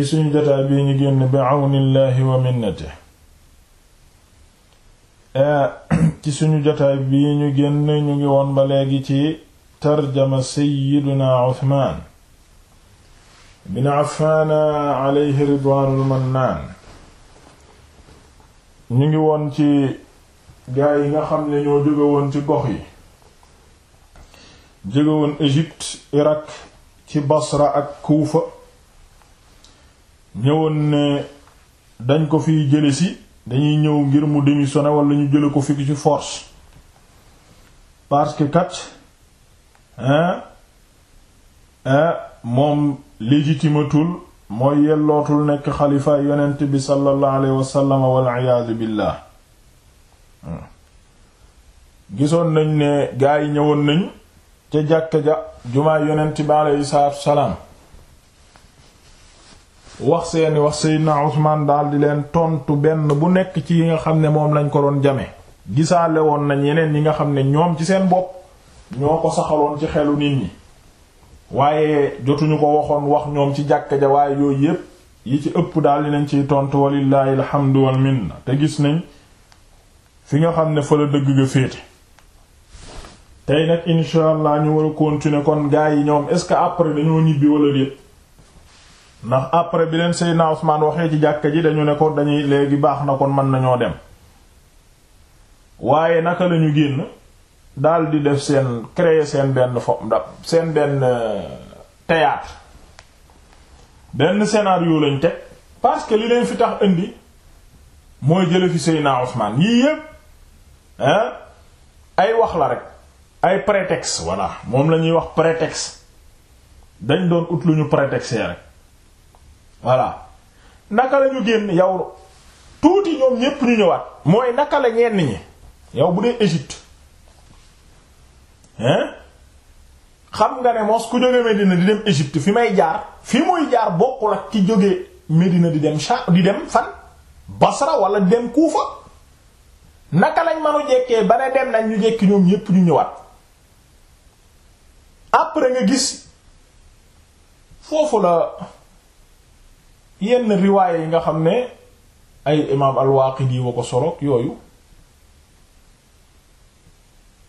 ci suñu jotaay bii ñu génn bi àwnillaahi wa minnate ci suñu jotaay bi ñu génn ñu ngi woon ba léegi ci tarjama seyyiduna Usmaan bin Affaan alayhi ridwaanul mannaan ñu ngi woon ci gaa yi nga xam ne ñoo jóge woon ci gox yi jóge woon Égypte Irak ci Basra ak Kuufa ñëwoon ne dañ ko fi jële si dañuy ñëw ngir mu démissionner wala ñu jële ko fi ci force parce que kat hein hein moom légitimatul mooy yellootul nekk xalifa yonent bi sallallahu alayhi wasallam billah hmm. gisoon nañ ne gaa yi ñëwoon nañ ca jàkka ja jumaa yonent bi alayhi salaam wax seeni wax Seydina Usmaan daal di leen tontu benn bu nekk ci yi nga xam ne moom lañ ko doon jame gisaale woon nañ yeneen yi nga xam ne ñoom ci seen bopp ñoo ko saxaloon ci xelu nit ñi waaye jotuñu ko waxoon wax ñoom ci jàkka ja waaye yooyu yépp yi ci ëpp daal di nañ ciy tontu walillahi alhamdu wal minna te gis nañ fi nga xam ne fa la dëgg ga féete tey nag incha ñu war a continuer kon gaa yi ñoom est ce que après dañoo ñibbi wala déet. ndax après bi leen Seydina Usmaan waxee ci jàkka ji dañu ne ko dañuy léegi baax na kon mën nañoo dem waaye naka lañu génn daal di def seen créer seen benn fo seen benn euh, théâtre benn scénario lañ teg parce que li leen fi tax indi mooy jële fi Seydina Usmaan yii yépp hein ay wax la rek ay prétexte voilà moom la ñuy wax prétexte dañ doon ut lu ñu prétexte rek voilà naka lañu ñu génn yow tuuti ñoom ñépp ñu ñëwaat mooy naka la ñenn ñi yow bu dee Égypte hein xam nga ne mos ku jóge Medina di dem Égypte fi may jaar fi muy jaar bokkul ak ki jóge Medina di dem Sha di dem fan Basra wala di dem Kuufa naka lañ manu jekkee ba ne dem nañ ñu jekki ñoom ñépp ñu ñëwaat après nga gis foofu la. yenn riwaaya yi nga xam ne ay imaam al-Waaqidi wa ko soloog yooyu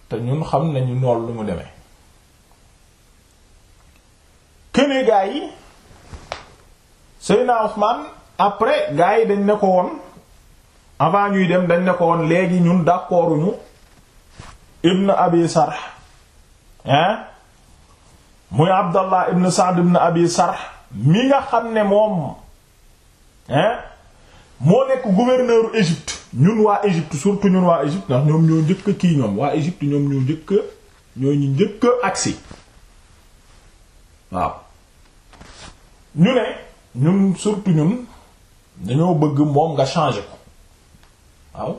te ñun xam nañu nool lu mu demee këne gaa yi Seydina Usmaan après gaa yi dañ ne ko woon avant ñuy dem dañ ne ko woon léegi ñun d'accorduñu ibn abi sarh hein muy Abdallah ibn Sa'd ibn abi sarh mi nga xam ne moom hein moo nekk gouverneur Égypte ñun waa Égypte surtout ñun waa Égypte ndax ñoom ñoo njëkk kii ñoom waa Égypte ñoom ñoo njëkk ñoo ñu njëkk agsi waaw ñu ne ñun surtout ñun dañoo bëgg moom nga changer ko waaw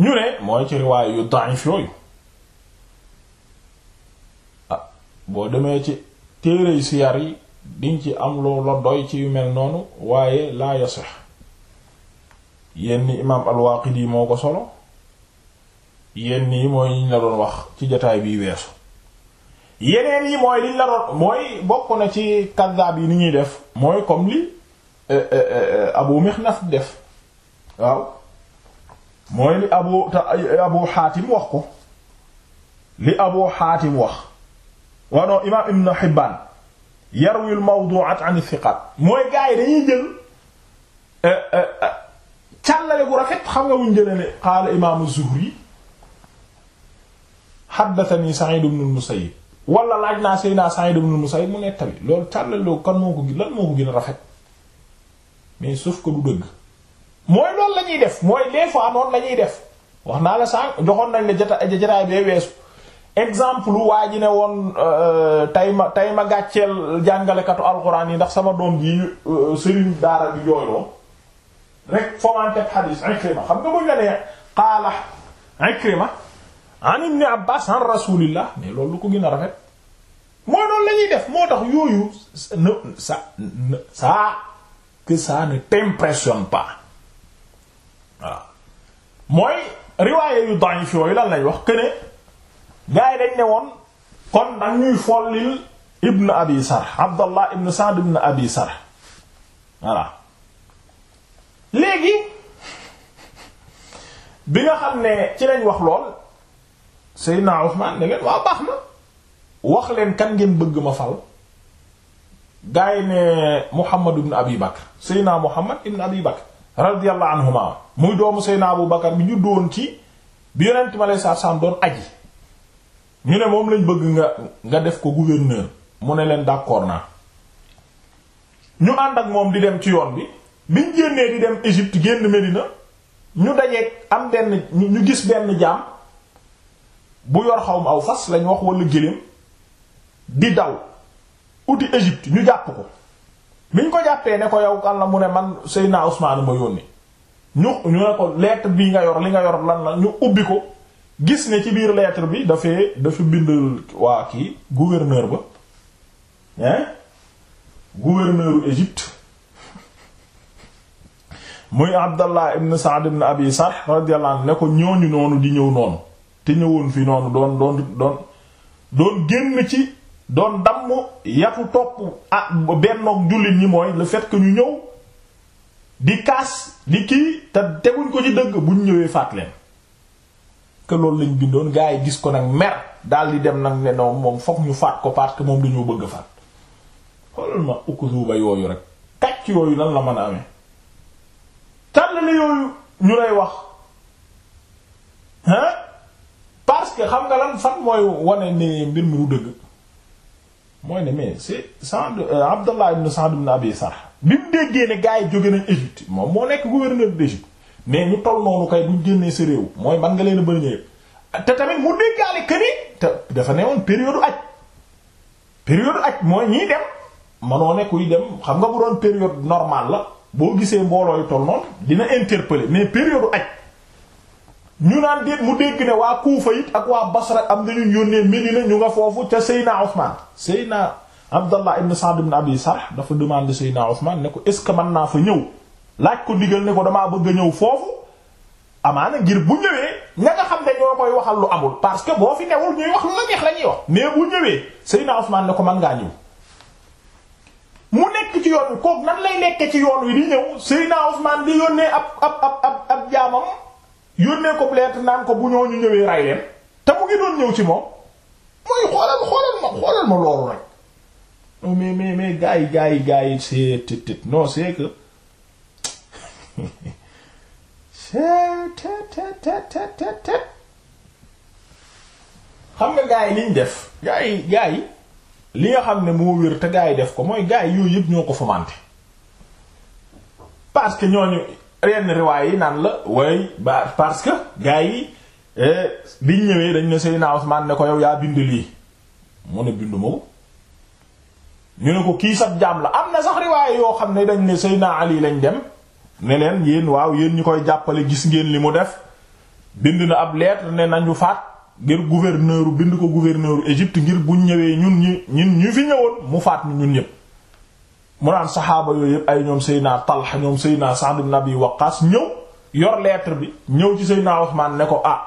ñu ne mooy ci riwaay yu da'if yooyu ah boo demee ci téere siyar yi diñ ci am lu la ci yu mel noonu waaye laa yasex yenn imaam al-Waaqidi moo ko solo yenn yi mooy liñ la doon wax ci jotaay bi weesu yeneen yi mooy liñ la doon mooy bokk na ci kaddaab yi ni ñuy def mooy comme li eh, eh, eh, Abu Mixnaf def waaw mooy li Abu Abu Xaatim wax ko li Abu Xaatim wax wano imaam Ibn Hibbaan yarwi al mawdu'at an thiqat mooy gars yi dañuy jël eh, eh, eh, càllale bu rafet xam nga wuñ jëlee ne qaala imaamu Zuhri haddathani Sa'id ibn al-Musayyib wala laaj naa Seydina Sa'id ibn al-Musayyib mu nettali loolu càllale loolu kan moo ko gën lan moo ko gën a rafet mais suuf ko du dëgg mooy loolu la def mooy des lañuy def wax naa la sànq joxoon nañ la jota jataay bee weesu. exemple waa ji ne woon euh, tay ma tay ma gàcceel jàngalekatu alxuraan yi ndax sama doom ji euh, sëriñ daara bi jooyloo rek fomanteeb xadiis Ikrima xam nga mu nga ne qaala Ikrima an Abbaas an rasuulillah mais loolu lu ko gën rafet mooy noonu lañuy def moo tax yooyu ça ça que ça ne t'impressionne pas voilà mooy riwaaye yu da'if yooyu lan lañ wax que gaa yi dañ ne woon kon dañuy follil ibn abi sarh abdallah ibn sa'd ibn abi sarh voilà léegi bi nga xam ne ci lañ wax lool naa uthman ne leen waaw baax na wax leen kan ngeen bëgg ma fal gaa yi ne muhammad ibn abi bakr seydina muhammad ibn abi bakr radiyallahu anhuma muy doomu naa abu bakar bi ñu doon ci bi yonent ma lay saar saam doon aji ñu ne moom lañ bëgg nga nga def ko gouverneur mu ne leen d'accord naa ñu ànd ak moom di dem ci yoon bi biñ génnee di dem Égypte génn Médina ñu dajeeg am benn ñu gis benn jaam bu yor xawm aw fas lañ wax wala géléem di daw uti Égypte ñu jàpp ko biñ ko jàppee ne ko yow kan la mu ne man Seydina Ousmane ma yónni ñu ñu ne ko lettre bii nga yor li nga yor lan la ñu ubbi ko gis ne ci biir lettre bi dafee dafa bindal waa kii gouverneur ba hein gouverneuru Égypte muy Abdallah ibn Sa'd ibn Abi Sarh radiyallahu anhu ne ko ñooñu noonu di ñëw noonu te ñëwoon fii noonu doon doon doon doon génn ci doon damm yatu topp ah bennoog jullit ñi mooy le fait que ñu ñëw di kaas di kii te teguñ ko ci dëgg buñ ñëwee faat leen que loolu lañu bindoon gars yi gis ko nag mer daal di dem nag ne non moom fokk ñu faat ko parce que moom dañoo bëgg a faat xoolal ma ukusuba yooyu rek kàcc yooyu lan la mën a amee tànn la yooyu ñu lay wax hein parce que xam nga lan fan mooy wane ni mbir mi du dëgg mooy ne mais c'est Sa'd euh, Abdallah ibn Sa'd ibn Abi Sarh bi mu déggee ne gars yi jóge nañ Égypte moom moo nekk gouverneur d'Égypte mais ñu toll noonu kay buñ génnee sa réew mooy man nga leen a bëri ñëpp te tamit mu déggaale que te dafa ne woon période aj période aj mooy ñii dem manoo ne kuy dem xam nga bu doon période normal la boo gisee mboolooyu toll noonu dina interpeller mais période aj ñu naan déet mu dégg ne waa Kuufa it ak waa Basra am nañu yónnee Medina ñu nga foofu ca Seyna Ousmane Seyna Abdallah ibn Sa'd ibn Abi Sarh dafa demande Seyna Ousmane ne ko est ce que mën naa fa ñëw laaj ko ndigal ne ko damaa bëgg a ñëw foofu amaana ngir bu ñëwee ña nga xam ne ñoo koy waxal lu amul parce que boo fi newul ñuy wax lu la neex la wax mais bu ñëwee Seydina Usmaan ne ko man ngaa ñëw mu nekk ci yoon wi kooku nan lay nekkee ci yoon wi di ñëw Seydina Usmaan di yónnee ab ab ab ab jaamam yónnee ko lettre naan ko bu ñoo ñu ñëwee ray te mu ngi doon ñëw ci moom mooy xoolal xoolal ma xoolal ma loolu rek mais mais mais gars yi gars xam nga gaa yi liñ def gaa yi gaa yi li nga xam ne moo wér te gaa yi def ko mooy gaa yi yooyu yëpp ñoo ko fomante parce que ñooñu renn riwaay yi naan la way ba parce que gaa yi eh, biñ ñëwee dañ ne Seydina Usmaan ne ko yow yaa bind lii mu ne bindu ma ñu ne ko kii sab jaam la am na sax riwaay yoo xam ne dañ ne Seydina Ali lañ dem ne leen yéen waaw yéen ñu koy jàppale gis ngeen li mu def bind na ab lettre ne nañu faat ngir gouverneur bind ko gouverneur Égypte ngir buñ ñëwee ñun ñi ñun ñu fi ñëwoon mu faat ñun ñëpp mu naan saxaaba yooyu yëpp ay ñoom Seydina Talha ñoom Seydina Sa'd ibn Abi Waqqas ñëw yor lettre bi ñëw ci Seydina Usmaan ne ko ah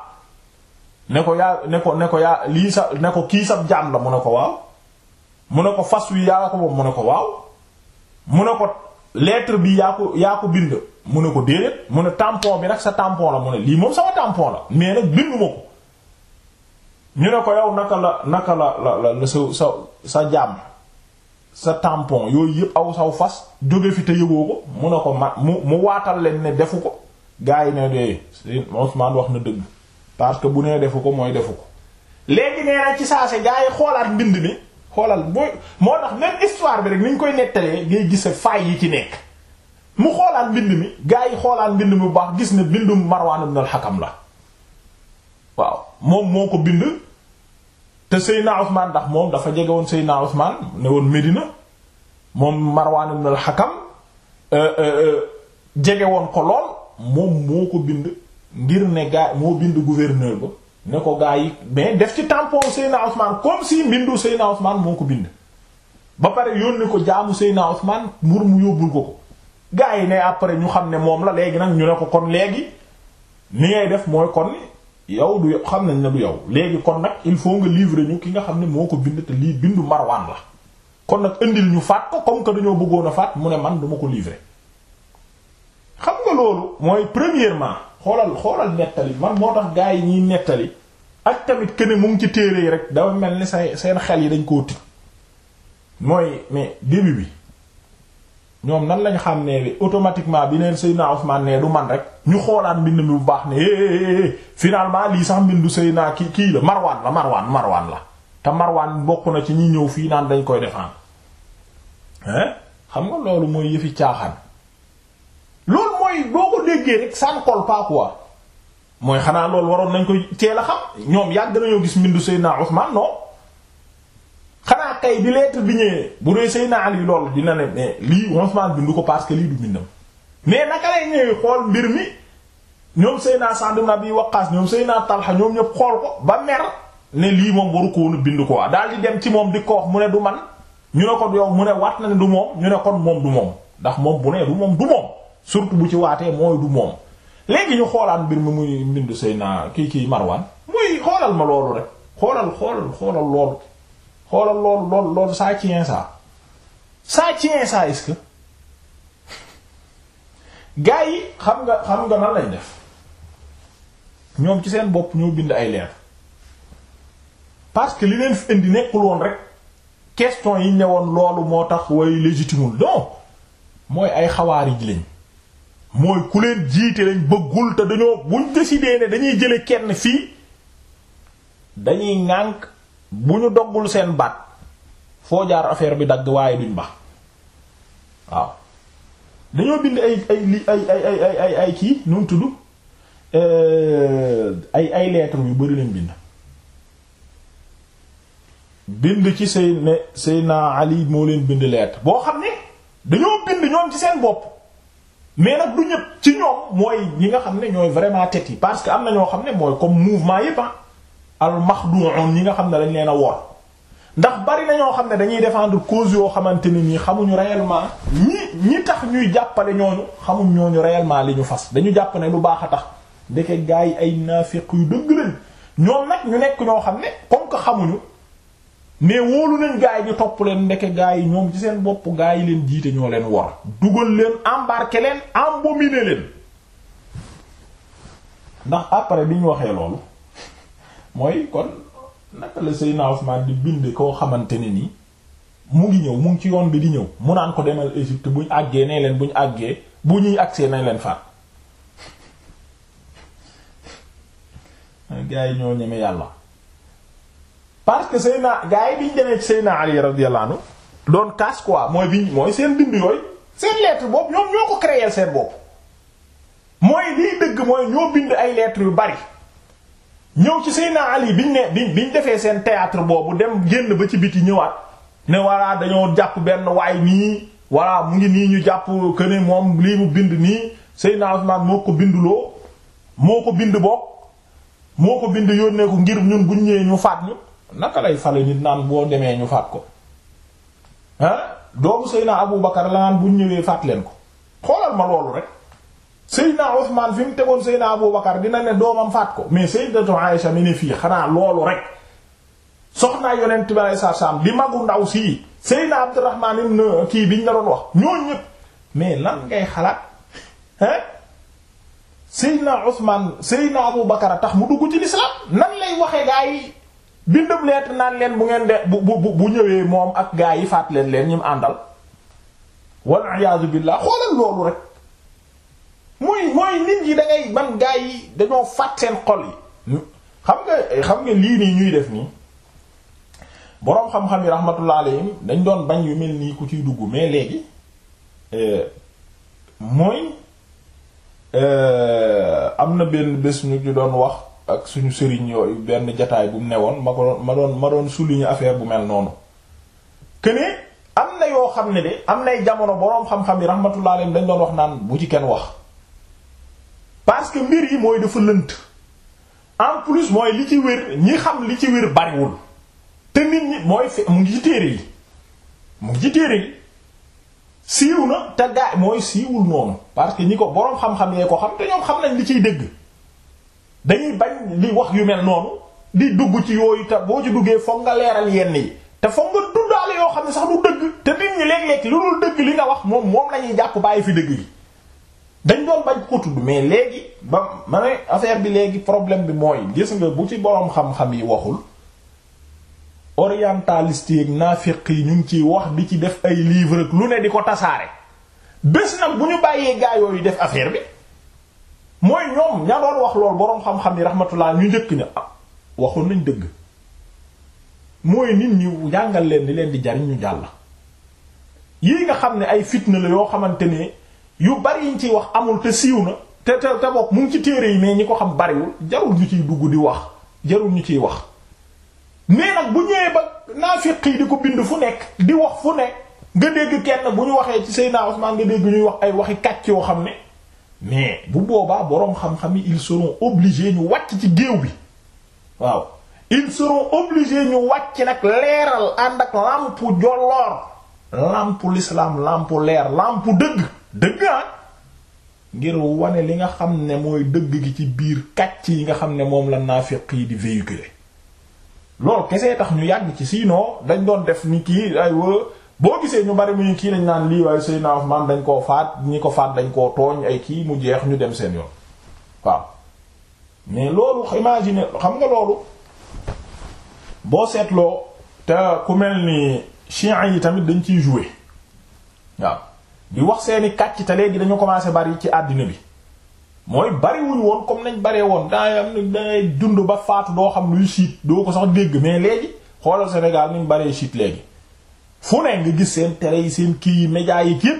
ne ko yaa ne ko ne ko yaa lii sa ne ko kii sab jaam la mu ne ko waaw mu ne ko fas wi yaa ko moom mu ne ko waaw mu ne ko leetre bi yaa ko yaa ko bind mu ne ko déedéet mu ne tampon bi nag sa tampon la mu ne lii moom sama tampon la mais nag bindu ko ñu ne ko yow naka la naka la la la sa sa sa jàmm sa tampon yooyu yëpp aw saw fas jóge fi te yëgoo ko mu ne ko ma mu mu waatal leen ne defu ko gars yi ne de Ousmane wax na dëgg parce que bu nee defu ko mooy defu ko léegi nee na ci saa si gars yi xoolaat mbind mi xoolal mooy moo tax même histoire bi rek ni ñu koy nettalee ngay gis faay yi ci nekk mu xoolaan mbind mi gaa yi xoolaan mbind mi bu baax gis ne bindum Marwan ibn al-Hakam la waaw moom moo ko bind te Seydina Ousmane ndax moom dafa jege woon Seydina Ousmane ne woon Medina moom Marwan ibn al-Hakam euh, euh, euh, jege woon ko lool moom moo ko bind ngir ne gaa moo bind gouverneur ba ne ko gaa yi mais def ci tampon Seyna Ousmane comme si mbindu Seyna Ousmane moo ko bind ba pare ne ko jaamu Seyna Ousmane mburu mu yóbbul ko ko gaa yi ne après ñu xam ne moom la léegi nag ñu ne ko kon léegi ni ngay def mooy kon yow du xam nañ ne du yow léegi kon nag il faut nga livrer ñu ki nga xam ne moo ko bind te lii bindu Marwan la kon nag indil ñu faat ko comme que dañoo bëggoon a faat mu ne man duma ko livrer xam nga loolu mooy premièrement xoolal xoolal nettali man moo tax gaa yi ñiy nettali ak tamit que ne mu ngi ci téere yi rek dafa mel ni say seen xel yi dañ koo tij mooy mais début bi ñoom nan lañu xam ne bi bi neen Seydina Ousmane ne du man rek ñu xoolaat mbind mi bu baax ne eh, eh, eh, finalement lii sax mbindu naa kii kii la Marwan la Marwan Marwan la te Marwan bokk na ci ñi ñëw fii naan dañ koy defaan hein xam nga loolu mooy yëfi caaxaan loolu mooy boo ko déggee rek ça ne mooy xanaa loolu waroon nañ ko teel la xam ñoom yàgg nañoo gis mbindu Seydina Ousmane non xanaa kay bi lettre bi ñëwee bu dee Seydina Ali lool dina ne mais lii Ousmane bindu ko parce que lii du bindam mais naka lay ñëwee xool mbir mi ñoom seenaa Seydina bi ibn Abi Waqqas ñoom Seydina Talha ñoom ñëpp xool ko ba mer ne lii moom waru ko bind ko daal di dem ci moom di ko wax mu ne du man ñu ne ko yow mu ne waat na ne du ñu ne moom du moom ndax moom bu ne du moom. surtout bu ci waatee mooy du moom léegi ñu xoolaan mbir mi muy mbindu say naa kii kii Marwan muy xoolal ma loolu rek xoolal xoolal xoolal loolu xoolal loolu loolu loolu ça tient saa ça tient ça est-ce que yi xam nga xam nga nan lañ def ñoom ci seen bopp ñoo bind ay leer parce que li leen fi indi nekkul woon rek question yi ne woon loolu moo tax way légitimul non mooy ay xawaarij lañ mooy ku leen jiite lañ bëggul te dañoo buñ décidé ne dañuy jële kenn fii dañuy ŋànk bu ñu doggul seen baat foo jaar affaire bi dagg waaye duñ ba waaw dañoo bind ay ay ay ay kii nu mu tudd euh, ay ay lettre yu bari leen bind bind ci say ne Seyna Ali moo leen bind lettre boo xam ne dañoo bind ñoom ci seen bopp mais nag du ñëpp ci ñoom mooy ñi nga xam ne ñooy vraiment tête yi parce que am na ñoo xam ne mooy comme mouvement yépp ah. al maxduun ñi nga xam ne dañ leen a wor ndax bari na ñoo xam ne dañuy défendre cause yoo xamante ni nii xamuñu réellement ñi ñi tax ñuy jàppale ñooñu xamuñ ñooñu réellement li ñu fas dañu jàpp ne lu baax a tax ndeke gaa yi ay naafeq yu dëgg lañ ñoom nag ñu nekk ñoo xam ne comme que xamuñu mais wóolu nañ gaa ñu topp leen ndeke gaa yi ñoom ci seen bopp gaa yi leen jiite ñoo leen wor dugal leen embarquer leen embaumer leen ndax après bi ñu waxee loolu mooy kon naka la Seydina Ousmane di bind koo xamante ne nii mu ngi ñëw mu ngi ci yoon bi di ñëw mu naan ko demal Égypte bu ñu àggee nee leen bu ñu àggee bu ñuy agsee nañ leen faat gaa yi ñoo ñeme yàlla parce que Seyna gars yi biñ demee ci Seyna Ali radiyallahu anhu doon kaas quoi mooy bi mooy seen bind yooyu seen lettre boobu ñoom ñoo ko créer seen bopp mooy liy dëgg mooy ñoo bind ay lettres yu bari ñëw ci Seyna Ali biñ ne biñ biñ defee seen théâtre boobu dem génn ba ci biti ñëwaat ne voilà dañoo jàpp benn waay nii voilà mu ngi nii ñu jàpp que ne moom lii mu bind nii Seyna Usman moo ko binduloo moo ko bind bopp moo ko bind yónnee ko ngir ñun buñ ñëwee ñu faat ñu. naka lay fale nit naan boo demee ñu faat ko ah doomu Seydina Abu Bakar la naan bu ñëwee faat leen ko xoolal ma loolu rek Seydina Usmaan fi mu tegoon Seydina Abu Bakar dina ne doomam faat ko mais Sayyidatu Aïsha mi ne fii xanaa loolu rek soxnaa yonent bi magu ndaw sii Seydina kii biñ la wax ñooñu ñëpp mais lan ngay xalaat hein Seydina Usmaan Seydina tax mu dugg ci lislaam nan lay waxe gaa yi bindum lettre naan leen bu ngeen de bu bu bu ñëwee moom ak gaa yi faat leen leen ñu àndal wal iyaazu billaah xoolal loolu rek mooy mooy nit yi da ngay man gaa yi dañoo faat seen xol yi xam nga xam nga lii nii ñuy def nii boroom xam-xam yi rahmatullah alayhim dañ doon bañ yu mel nii ku ciy dugg mais léegi euh, mooy euh, am na benn bés ñu doon wax ak suñu sëriñ yooyu benn jataay bu mu newoon ma ko ma doon ma doon souligner affaire bu mel noonu këne am na yoo xam ne de am nay jamono boroom xam-xam yi rahmatullah alayhim dañ doon wax naan bu ci kenn wax parce que mbir yi mooy dafa lënt en plus mooy li ci wér ñi xam li ci wér bariwul te nit ñi mooy fe mu ngi ci téere yi mu ngi ci téere yi siiw na te gaay mooy siiwul noonu parce que ñi ko boroom xam-xam yee ko xam te ñoom xam nañ li ciy dëgg dañuy bañ li wax yu mel noonu di dugg ci yooyu te boo ci duggee foog nga leeral yenn yi te foog nga dundaale yoo xam ne sax du dëgg te nit ñi léeg-léeg lu dëgg li nga wax moom moom lañuy jàpp bàyyi fi dëgg dañ doon bañ mais léegi ba ma ne affaire bi léegi problème bi mooy gis nga bu ci boroom xam yi waxul orientaliste yi ak naafiq yi ñu ngi ciy wax di ci def ay livre ne di ko tasaare bés nag bu ñu bàyyee gaa yooyu def affaire bi mooy ñoom ña wax lool boroom xam-xam yi rahmatullah ñu njëkk ña ah waxoon nañ dëgg mooy nit ñi njàngal leen di leen di jariñ ñu jàll. yii nga xam ne ay fitna la yoo xamante ne yu bari yiñ ciy wax amul te siiw na te te te mu ngi ci téere yi mais ñi ko xam bariwul jarul ñu ciy dugg di wax jarul ñu ciy wax. mais nag bu ñëwee ba naafiq yi di ko bind fu nekk di wax fu nekk nga dégg kenn bu ñu waxee ci Seydina Usmaan nga dégg ñuy wax ay waxi kàcc yoo xam ne. mais bu boobaa boroom xam-xam yi ils seront obligés ñu wàcc ci géew bi waaw ils seront obligés ñu wàcc nag leeral ànd ak làmpu jolloor làmpu l'islam làmpu leer làmpu dëgg dëgg ah ngir wane li nga xam ne mooy dëgg gi ci biir kàcc yi nga xam ne moom la naafiq yi di véhiculer loolu kese tax ñu yàgg ci sinon dañ doon def ni kii aywa boo gisee ñu bari muy kii nañ naan lii waaye Seydina Usmaan dañ koo faat ñi ko faat dañ koo tooñ ay kii mu jeex ñu dem seen yoon waaw mais loolu imagine xam nga loolu boo seetloo te ku mel ni chiites yi tamit dañ ciy jouer waaw di wax seeni kàcc te léegi dañu commencé bari ci àddina bi mooy bariwuñ woon comme nañ baree woon dangay am ni dangay dund ba faatu doo xam luy siit doo ko sax dégg mais léegi xoolal Sénégal niñ baree siit léegi fu ne nga gis seen télé yi seen kii yi médias yi yépp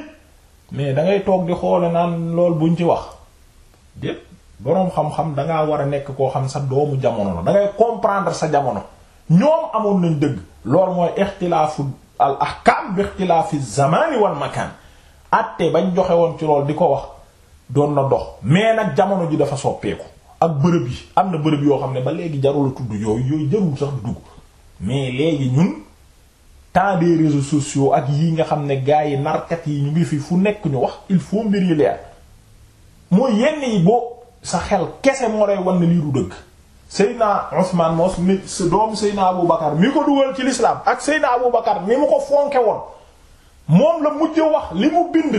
mais da ngay toog di xoole naan lool buñ ci wax dépp boroom xam-xam dangaa war a nekk koo xam sa doomu jamono la dangay ngay comprendre sa jamono ñoom amoon nañ dëgg lool mooy ixtilaafu al ahkam bi ixtilaafi zamani wal makan atte bañ joxe woon ci lool di ko wax doon na dox mais nag jamono ji dafa soppeeku ak bërëb yi am na bërëb yoo xam ne ba léegi jarul a tudd yooyu yooyu jarul sax dugg mais léegi ñun temps des réseaux sociaux ak yi nga xam ne gars yi narkat yi ñu ngi fi fu nekk ñu wax il faut mbir yi leer mooy yenn yi boo sa xel kese moo lay wan ne lii du dëgg Seydina Ousmane moos ni sa doom Seydina Abou Bakar mi ko dugal ci l'islam ak Seydina Abou Bakar ni mu ko fonke woon moom la mujj wax li mu bind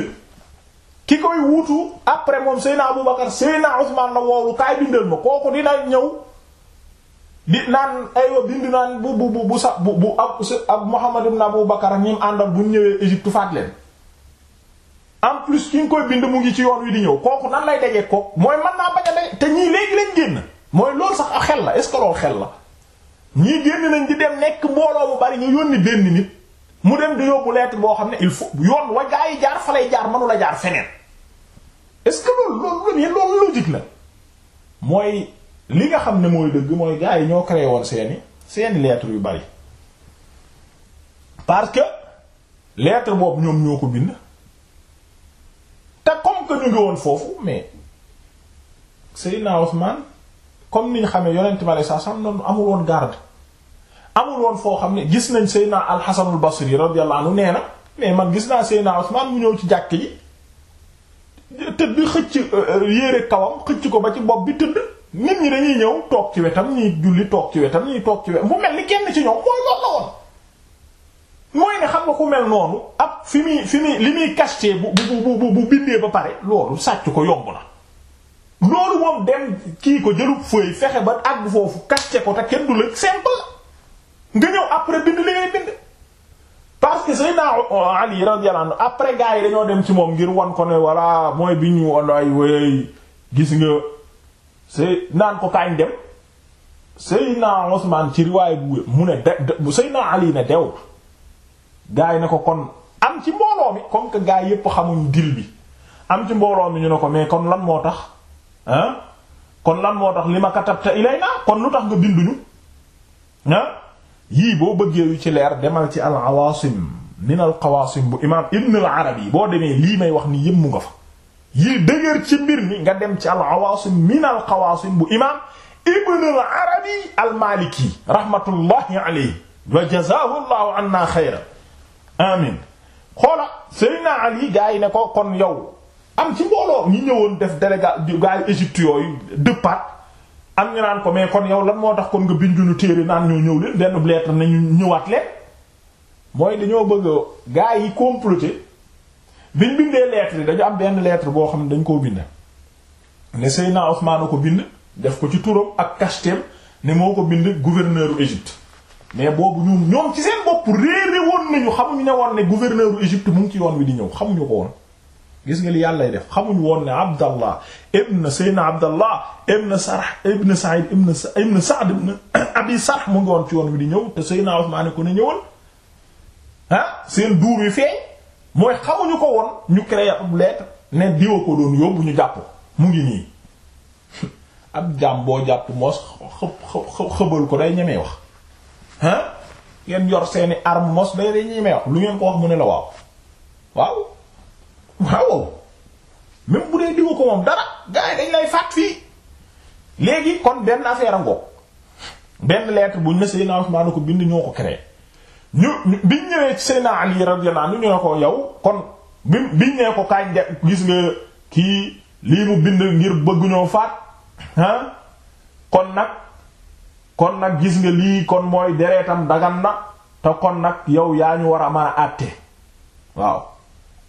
ki koy wuutu après moom Seydina Abou Bakar Seydina Ousmane na woolu kaay bindal ma kooku dinaa ñëw di naan aywa bind naan bu bu bu bu sa bu bu ab ab Muhammad ibn Abu Bakar ñim àndal bu ñëwee Égypte faat leen en plus ki nga koy bind mu ngi ci yoon wi di ñëw kooku nan lay dajee kooku mooy mën naa bañ a daj te ñii léegi lañ génn mooy loolu sax a xel la est ce que loolu xel la ñii génn nañ di dem nekk mbooloo bu bari ñu yónni benn nit mu dem di yóbbu lettre boo xam ne il faut yoon wa gaa yi jaar fa lay jaar mënu la jaar feneen est ce que loolu loolu loolu logique la mooy. li nga xam ne mooy dëgg mooy gaa yi ñoo créé woon seeni seeni lettre yu bari parce que lettre boobu ñoom ñoo ko bind te comme que ñu ngi woon foofu mais Seydina Ousmane comme niñ xamee yonent bi alei sat selaam noonu amul woon garde amul woon foo xam ne gis nañ Seydina Al-Hasanul Basri radiyallahu anhu nee na mais man gis naa Seydina Ousmane mu ñëw ci jàkk ji tëdd xëcc euh, yére kawam xëcc ko ba ci bopp bi tëdd nit ñi dañuy ñëw toog ci wetam ñuy julli toog ci wetam ñuy toog ci wetam mu mel ni kenn ci ñoom mooy loolu la woon mooy xam nga ku mel noonu ab fi muy fi muy li muy cacheté bu ba pare loolu ko yomb na. loolu moom dem kii ko jëlub fëy fexe ba àgg foofu cacheté ko te kenn du après bind que Seydina Ali radiyallahu anhu après dañoo dem ci moom ngir wan ko ne voilà mooy bi ñu ay wéy gis nga. sëy naan ko kaañ dem Seydina Usmaan ci riwaay mu ne de Seydina Ali ne deewut gaa yi ne ko kon am ci mbooloo mi comme que gaa yépp xamuñ dil bi am ci mbooloo mi ñu ne ko mais kon lan moo tax kon lan moo tax li ma katabta ilayna kon lu tax nga binduñu ah yii boo bëggee yu ci leer demal ci al-Awaasim min al-Qawaasim bu imaam Ibn al yi boo demee lii may wax ni yépp mu nga fa. yi dëgër ci mbir mi nga dem ci al awaasim min al bu imaam ibn al arabi al maliki rahmatullahi alayhi wa jazaahu llahu amin xoola Seydina Ali gaa yi ne ko kon yow am ci mbooloo ñi ñëwoon def délégat gaa yi Égypte yooyu dëppaat am ñu naan ko mais kon yow lan moo tax kon nga binduñu téere naan ñoo ñëw leen benn lettre ñu ñëwaat leen mooy dañoo bëgg gaa yi comploter lettre yi dañu am benn lettre boo xam ne dañ koo bind ne Seydina Ousmane ko bind def ko ci turam ak kasteem ne moo ko bind gouverneuru Égypte mais boobu ñoom ñoom ci seen bopp réere woon nañu xamuñu ne woon ne gouverneuru Égypte mu ngi ci yoon wi di ñëw xamuñu ko won gis nga li yàllay def xamuñu woon ne Abdallah ibn Seydina Abdallah ibn Sarh ibn Saïd ibn ibn Sa'd ibn Abi Sarh mu ngi woon ci yoon wi di ñëw te Seydina Ousmane ko ne ñëwal ah seen duur yu feeñ mooy xamuñu ko won ñu créé ab lettre ne diwa ko doon yóbbu ñu jàpp mu ngi nii ab jaam boo jàpp moos xë xëbal ko day ñemee wax hein ngeen yor seeni arme mos day day ñemee wax lu ngeen ko wax mu ne la waaw waaw waaw même bu dee diwa ko moom dara gars yi dañ lay faat fii léegi kon benn affaire a ngoog benn lettre buñ ne Seydina Usmaan ko bind ñoo ko créé ñu biñ ñëwee ci Seydina Ali radiyallahu anhu ñu ne ko yow kon bi biñ nee ko kaay gis nga kii lii mu bind ngir bëgguñoo faat ah, kon nag kon nag gis nga lii kon mooy deretam dagan na te kon nag yow yaa ñu war a mën àtte waaw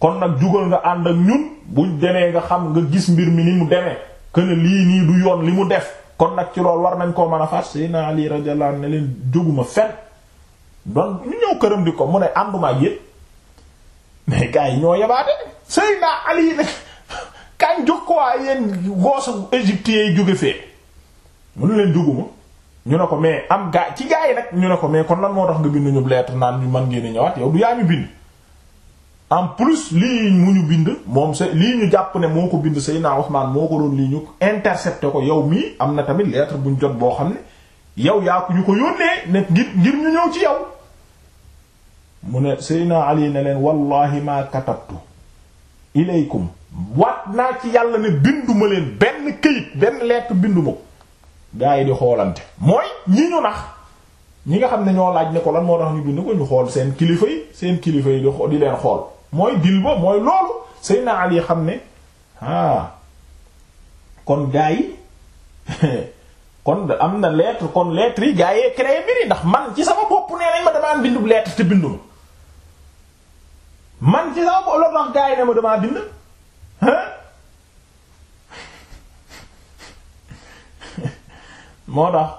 kon nag jugal nga ànd ak ñun buñ demee nga xam nga gis mbir mi ni mu demee que ne lii nii du yoon li mu def kon nag ci loolu war nañ koo mën a faat Seydina Ali radiyallahu anhu ne leen jóguma fen doon ñu ñëw këram di ko mu ne ànduma ak yéen mais gars yi ñoo yabaate Seydina Ali ne kañ jóg ko waa yéen goosu égyptiens yi jóge fee mu ne leen duguma ñu ne ko mais am gaa ci gaa yi nag ñu ne ko mais kon lan moo tax nga bind ñu lettre naan ñu mën ngeen ñëwaat yow du yaa ñu bind. en plus lii mu ñu bind moom sa lii ñu jàpp ne moo ko bind Seydina Ousmane moo ko doon lii ñu intercepté ko yow mii am na tamit lettre buñ jot boo xam ne yow yaa ko ñu ko yónnee ne ngir ci yow. mu ne Seydina Ali ne leen wallahi maa katabtu ilaykum waat naa ci yàlla ne binduma leen benn këyit benn lettre binduma ko gaa yi di xoolante mooy ñi ñu nax ñi nga xam ne ñoo laaj ne ko lan moo tax ñu bind ko ñu xool seen kilifa yi seen kilifa yi di leen xool mooy dil ba mooy loolu Seydina Ali xam ne ah kon gaa yi kon am na lettre kon lettre yi gaa yee créé mbir ndax man ci sama bopp nee nañ ma damaa bindub lettre te binduma man ci sama bopp la yi ne ma damaa bind moo tax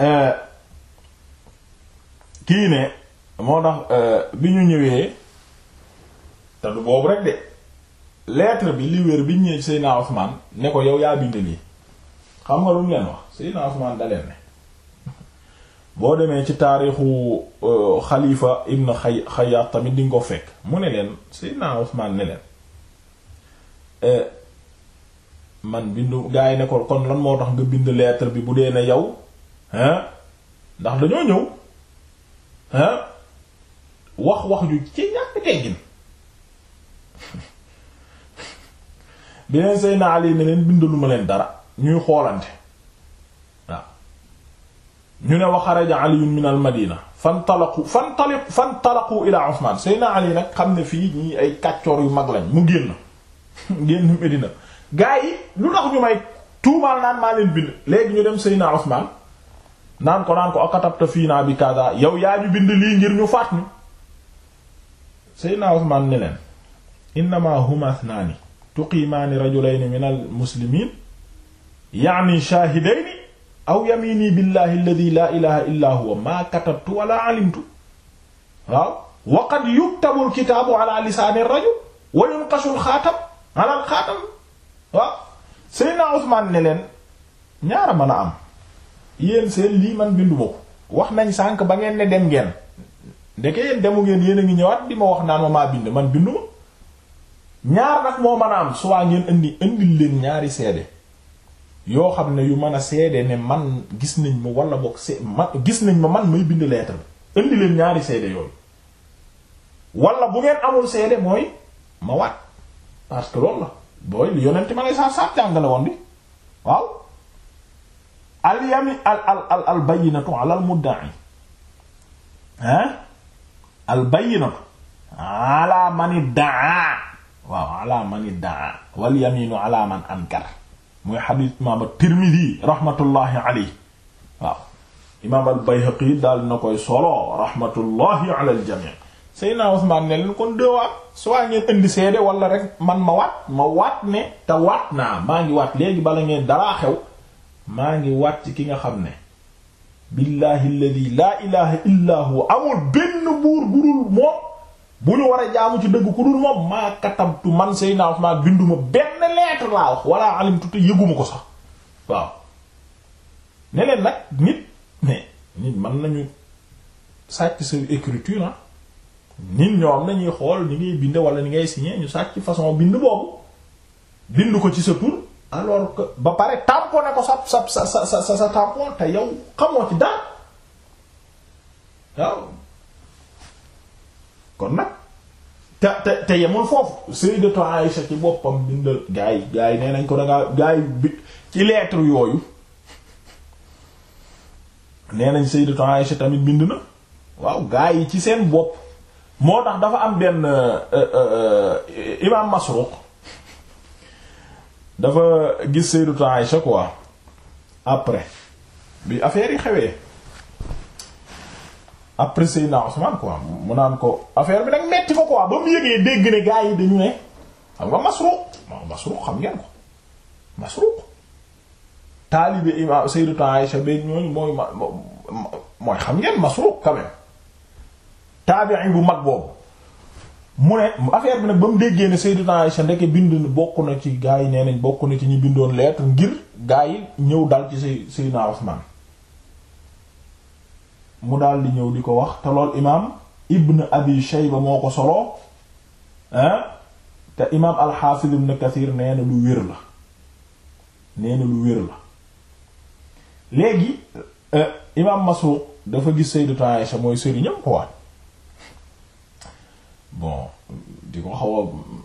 euh, kii ne moo tax euh, bi ñu ñëwee te boobu rek de lettre bi li wér bi ñu ñëwee Seydina Ousmane ne ko yow yaa bind lii xam nga lu leen wax Seydina Ousmane da leen ne boo demee ci taarixu euh, xalifa ibn xay xayaat tamit di ko fekk mu ne leen Seydina Usmaan ne euh, man bindu gaa lan moo tax nga bind lettre bi bu dee ne yow ndax dañoo ñëw hein wax wax ju ci ñàkk teggin beneen Seydina leen dara ñuy xoolante ñu ne wa xaraja Ali min al madina fantalaqu fantalaqu fantalaqu ila Usman Seydina Ali nag xam ne fii ñii ay kàccoor yu mag lañ mu génn génn Medina gaa yi lu tax ñu may tuumaal naan maa leen bind léegi ñu dem Seydina Usman naan ko naan ko akatabta fii naa bi kaza yow yaa ñu bind lii ngir ñu faat ñu Seydina Usman ne leen innama huma ithnaani tuqiimaani rajulayni min al muslimiin yaani shaahidayni aw yamini billahi alladhi la ilaha illa huwa ma katabtu wala alimtu waaw wa qad yuktabu alkitaabu ala lisaani rajul wa yunqashu alxaatam ala alxaatam waaw Seydina Usmaan ne leen ñaara mën a am yéen seen lii man bindu ko wax nañ sànq ba ngeen ne dem ngeen ndeke yéen demu ngeen yéen a ngi ñëwaat di ma wax naan ma maa bind man bindu ma ñaar nag moo mën a am su waa ngeen indi indil leen ñaari seede yoo xam ne yu man a seede ne man gis nañ ma wala boog se ma gis nañ ma man may bind lettre bi ñaari seede yooyu wala bu ngeen amul seede mooy ma waat parce que loolu la booy yonent ma lay sa sa jàngale woon bi waaw al yami al al al al bayyinatu ala al waaw ala man idda'a wal yaminu ala muy xadis imaam at-Tirmidi rahmatullahi alayhi waaw imaam al-Bayhaqi daal na koy solo rahmatullahi ala al-jamii Seydina Usmaan ne leen kon dee waat soit ngeen indi seede wala rek man ma waat ma waat ne te waat naa maa ngi waat léegi bala ngeen daraa xew maa ngi waat ci ki nga xam ne billaahi alladi laa ilaha illaa huwa amul benn buur burul moom bu ñu war a jaamu ci dëgg ku dul moom maa katabtu man Seydina Usmaan binduma benn lettre laa wax wala alimtu te yëguma ko sax waaw ne nag nit nit mën nañu sàcc sa écriture ah nit ñoom nañuy xool ni ngay bind wala ni ngay signer ñu sàcc façon bind boobu bind ko ci sa tur alors que ba pare tamponné ko sa sa sa sa sa tampon te yow xamoo ci dara waaw kon nag te te te yemul foofu Sayyidatu Aïsha ci boppam bind gaa yi gaa yi nee nañ ko dangaa gaa yi bi ci lettre yooyu nee nañ Sayyidatu Aïsha tamit bind na waaw gaa yi ci seen bopp moo tax dafa am benn euh, euh, Imaam Masruq dafa gis Sayyidatu Aïsha quoi après bi affaire yi xewee après Seydina Ousmane quoi mu naan ko affaire bi nag metti ko quoi ba mu yëgee dégg ne gaa yi dañu ne xam nga Masruq Masruq xam ngeen ko Masruq taalibe imam Sayyidatu Aïsha ba ñooñu mooy mooy xam ngeen Masruq quand même taabi'i bu mag boobu mu ne affaire bi nag ba mu déggee ne Sayyidatu Aïsha ndeke bind bokk na ci gaa yi nee nañ bokk na ci ñi bindoon lettre ngir gaa yi ñëw dal ci Seydina Ousmane mu daal di ñëw di ko wax te lool imaam ibn abi shayba moo ko soloo hein te imaam alxaafiz ibn kathir nee na lu wér la nee na lu wér la léegi euh, imaam masruq dafa gis sayyidatu aisha mooy sëriñam ko waat bon di ko xaw a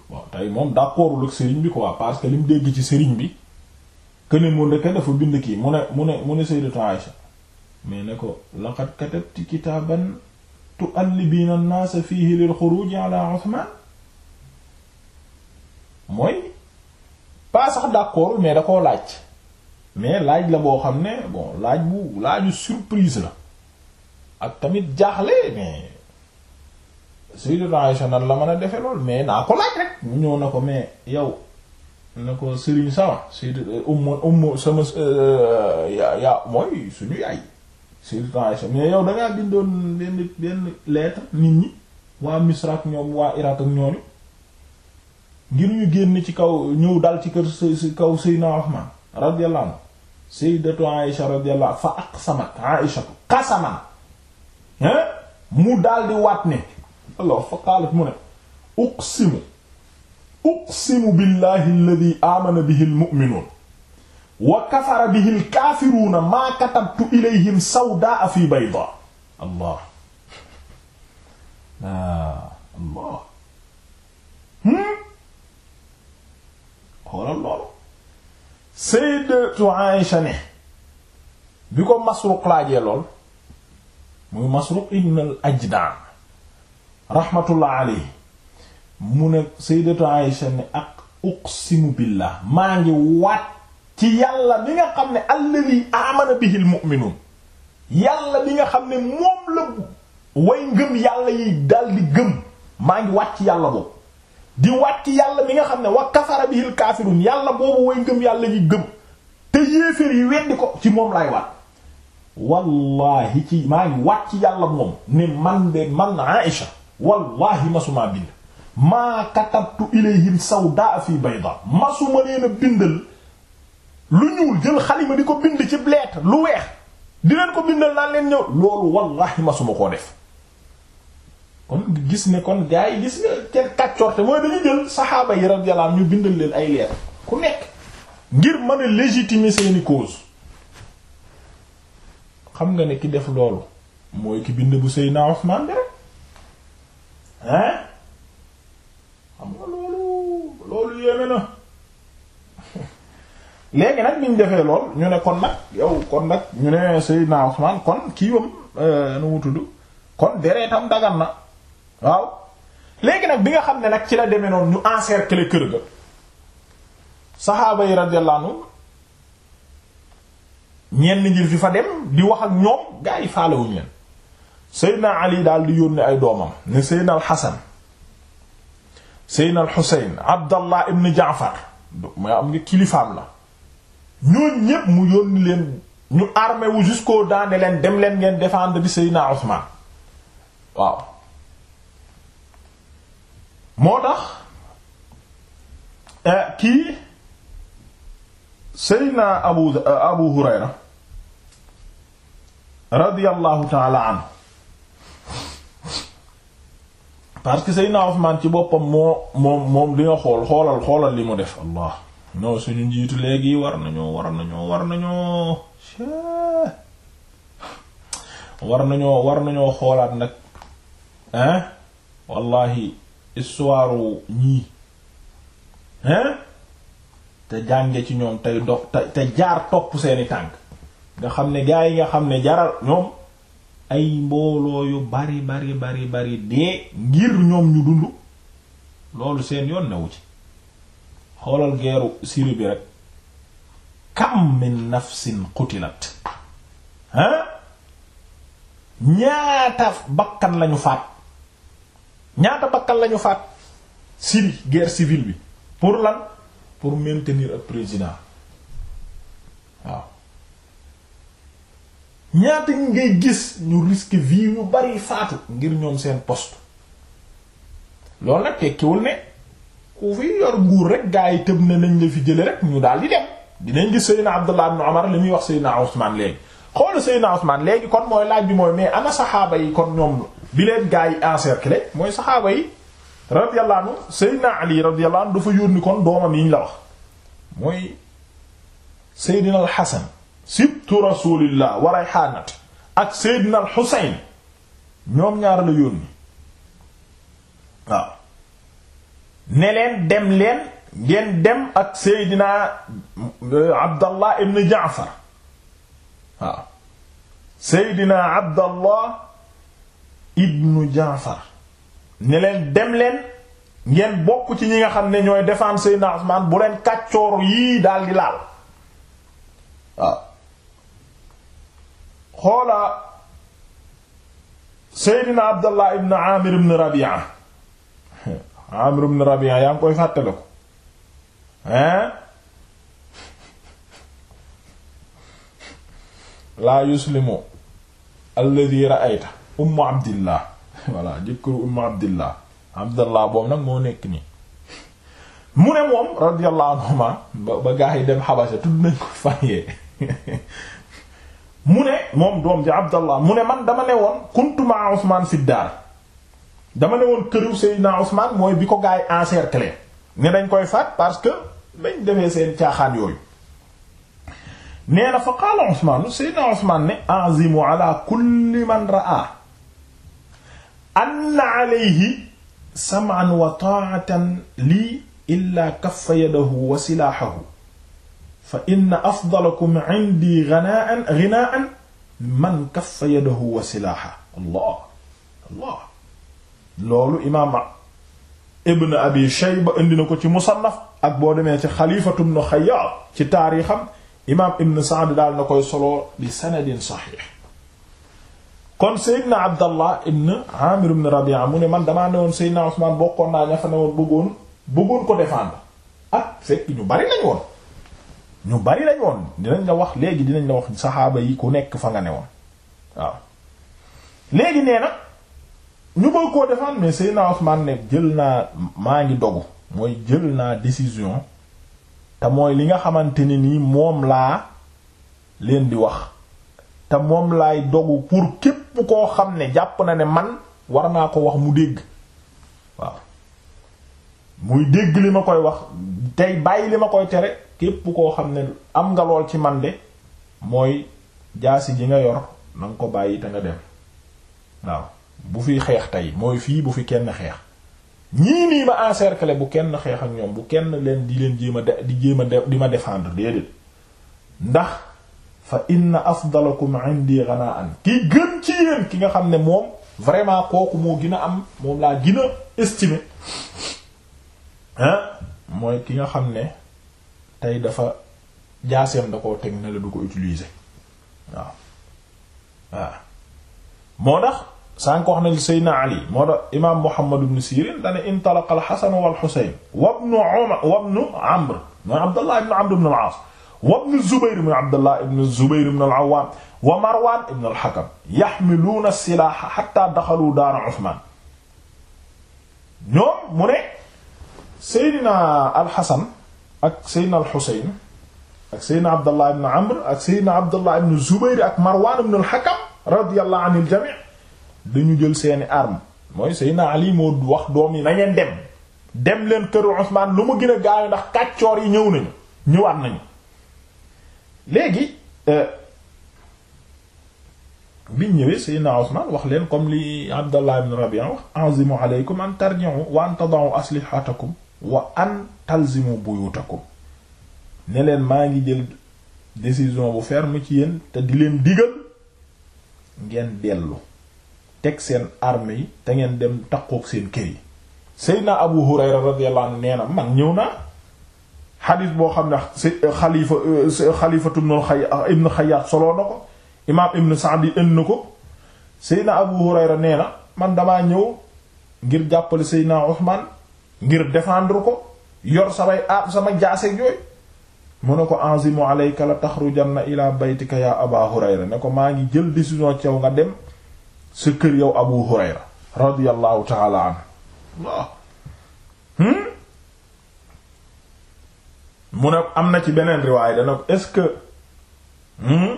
bon tey moom d'accordul ak sëriñ bi quoi parce que li mu dégg ci sëriñ bi que ne mu ne dafa bind kii mu ne mu ne mu ne sayyidatu aisha mais ne ko laqad katabti kitaaban tu'allibiina an-naasa fiihi lil xuruuji ala Usmaan mooy pas sax d'accord mais da koo laaj mais laaj la boo xam ne bon laaj bu laaju surprise la ak tamit jaaxle mais Sayyidatu Aisha nan la mën a defe lool mais naa ko laaj rek mu ñëw na ko mais yow na ko sëriñ sawa Sayyidatu Ummu euh, yaa yaa mooy suñu yaay Sayyidat Aïcha mais yow da ngaa bindoon benn benn lettre nit ñi waa Misra ñoom waa Irak ak ñooñu ngir ñu génn ci kaw ñëw dal ci kër ci kaw Seydina Uthman radiyallahu anhu Sayyidatu Aïcha radiyallahu fa aqsamat Aïcha qasaman hein mu dal di waat ne alors fa qaalat mu ne uqsimu uqsimu billahi alladhi amana bihi almu'minun wa kafara bihil kaafiruuna maa katabtu allah ah allah hmm xoolal loolu sayyidatu Aisha ne bi ko Masruq laajee lool muy Masruq ibn al rahmatullah alayhi mu ne sayyidatu Aisha ne ak uqsimu billah maa ngi waat ci yàlla bi nga xam ne alladi amana bihi al mu'minun yàlla bi nga xam ne moom la way ngëm yàlla yi dal di gëm maa ngi wàcc yàlla boobu di wàcc yàlla bi nga xam ne wa kafara bihi al kaafirun yàlla boobu way ngëm yàlla yi gëm te yéeféer yi weddi ko ci moom laay waat wallahi ci maa ngi wàcc yàlla moom ne man de man Aïsha wallahi masuma bind maa katabtu ilayhim sawda fi bayda masuma leen a bindal lu ñuul jël xalima di ko bind ci lettre lu weex di leen ko bindal naan leen ñëw loolu wallahi masuma koo def kon gis ne kon gaa yi gis ne kenn kàccorte mooy dañu jël saxaaba yi radiyallahu ñu bindal leen ay lettre ku nekk ngir mën a légitimer seeni cause xam nga ne ki def loolu mooy ki bind bu Seydina Usmaan bi rek hein xam nga loolu loolu yéeme na léegi nag bi ñu defee lool ñu ne kon nag yow kon nag ñu ne Seydina Usmaan kon kii wam euh, nu tudd kon deretam dagan na waaw léegi nag bi nga xam ne nag ci la demee noon ñu encercler kër ga saxaaba yi radiyallahu anhum ñenn ñi fi fa dem di waxal ak ñoom gaa yi faalewuñ leen Seydina Ali daal di yónnee ay doomam ne Seydina Al-Hasan Seydina Al-Husayn Abdallah ibn Jaafar mooy am nga kilifaam la ñooñu ñépp mu yónni leen ñu armé wu jusqu'aux dents leen dem leen ngeen défendre di Seydina Ousmane waaw moo tax eh, kii Seydina Abu eh, Abu Hurayra radiyallahu taala anhu parce que Seydina Ousmane ci boppam moo moom moom di nga xool xoolal xoolal li mu def Allah non suñu njiitu léegi war nañoo war nañoo war nañoo war nañoo war nañoo xoolaat nag hein wallahi histoire ñii hein te jànge ci ñoom tey dox te te jaar topp seeni tànk nga xam ne gaa yi nga xam ne jaral ñoom ay mbooloo yu bari bari bari bari dee ngir ñoom ñu dund loolu seen yoon newu ci xoolal geeru Syrie bi rek kam nafsin qutilat ah ñaata bakkan lañu faat ñaata bakkan lañu faat Syrie guerre civile bi pour lan pour maintenir ak président waaw ñaata ngay gis ñu risque vie yu bari faatu ngir ñoom seen poste loolu nag tekkiwul ne ku fi yor nguur rek gaa yi tëb ne nañ la fi jële rek ñu daal di dem dinañ gis Seydina Abdullah ibn Umar li muy wax Seydina Usman léegi xoolu Seydina Usman léegi kon mooy laaj bi mooy mais ana saxaaba yi kon ñoom bi leen gaa yi encerclé mooy saxaaba yi radiyallahu anhu Seydina dafa yónni kon doomam yi ñu la wax mooy Seydina al Hasan sibtu rasulillah wa rayhanat ak Seydina al Husayn ñoom ñaar la yónni ne leen dem ngeen dem ak Seydina euh, Abdallah ibn Jaafar waaw Seydina Abdallah ibn Jaafar ne leen dem leen ngeen bokk ci ñi nga xam ne ñooy défendre Seydina Usmaan bu leen kàccoor yii daal di laal waaw xoola Seydina Abdallah ibn Amir ibn Rabi'a Amr ibn Rabi'a yaa ngi koy fàttale ko hein laa yuslimu alladhi ra'ayta ummu abdillah voilà jëkkëru ummu abdillah abdillah boobu nag moo nekk nii mu ne moom radiyallahu ba gaa yi dem xabasa tudd nañ ko fan mu ne moom doom ji abdallah mu ne man dama ne woon kuntu ma'a Usman fi daar dama ne woon këru Seydina Ousmane mooy bi ko gaa yi encercler ne dañ koy faat parce que dañ defee seen caaxaan yooyu nee na fa qaala Ousmane Seydina Ousmane ne azimu ala kulli man raa anna alayhi sam'an wa ta'atan lii illa kaffa yadahu wa silaahahu fa inna afdalakum indi ghinaan ghinaan man kaffa yadahu wa silaahahu allah allah loolu imaam ibn abi ba indi na ko ci musannaf ak boo demee ci xalifatu ibn xayaat ci taarixam imaam ibn saad daal na koy solo bi sanadin saxiix kon seydna abdallah ibn amir ibn rabia mu ne man damaa ne woon seydna usmaan bokkoon naa ña fa ne woon bëggoon bëggoon ko défendre ak fekk ñu bari lañ woon ñu bari lañ woon dinañ la wax léegi dinañ la wax saxaaba yi ku nekk fa nga ne woon waaw léegi nee na ñu bëgg koo defaan mais Seydina Ousmane ne jël naa maa ngi dogu mooy jël naa décision te mooy li nga xamante ni nii moom laa leen di wax te moom laay dogu pour képp koo xam ne jàpp na ne man war naa ko wax mu dégg waaw muy dégg li ma koy wax tey bàyyi li ma koy tere képp koo xam ne am nga lool ci man de mooy jaasi ji nga yor na nga ko bàyyi te nga dem waaw bu fi xeex tey mooy fii bu fi kenn xeex ñii nii ma encercler bu kenn xeex ak ñoom bu kenn leen di leen jéem a de di jéem a de di ma défendre déedéet ndax fa inna afdalakum indi ghanaan ki gën ci yéen ki nga xam ne moom vraiment kooku moo gën a am moom laa gën a estimer hein mooy ki nga xam ne tey dafa jaaseem da koo teg ne la du ko utiliser waaw waaw moo tax sànq wax na Seydina Ali moo tax imaam Muhammad ibn Sirin dana intalaqa al-Hasan wal-Husayn wa ibnu Umar wa ibnu Amr mooy Abdallah ibn Amr ibn al-As wa ibnu Zubayr mooy Abdallah ibn Zubayr ibn al-Awwam wa Marwan ibn al-Hakam yahmiluna as-silaha hatta dakhalu dar Uthman ñoom mu ne Seydina al-Hasan ak Seydina al-Husayn ak Seydina Abdallah ibn Amr ak Seydina Abdallah ibn Zubayr ak Marwan ibn al-Hakam radiyallahu anil jami' dañu jël seeni arm mooy Seydina Ali moo wax doom yi na ngeen dem dem leen këru Usmaan lu ma gën a gaaw ndax kàccoor yi ñëw nañu ñëwaat nañu léegi euh, biñ ñëwee Seydina Usmaan wax leen comme li Abdallah ibn Rabi'a wax anzimu alaykum an tarji'u wa an tada'u aslihatakum wa an talzimu buyutakum ne leen maa ngi jël décision bu ferme ci yéen te di leen digal ngeen dellu teg seen armée yi te ngeen dem takkook seen kër yi Seydina Abu Hurayra radiyallahu nee na man ñëw naa xadis boo xam ne eh, xalifa eh, xalifatu ibn eh, Xayyaat solo na ko imaam ibn Sa'd ënn ko Seydina Abu Hurayra nee na man damaa ñëw ngir jàppale Seydina Usmaan ngir défendre ko yor samay aab sama jaase jooy mu ne ko anzimu alayka la taxrujanna ila baytika ya Aba Hurayra ne ko maa ngi jël décision ci yow nga dem sa kër yow Abu Hurayra radiyallahu ta'ala anhu waaw hmm? mu ne am na ci beneen riwaay dana ko est-ce hmm?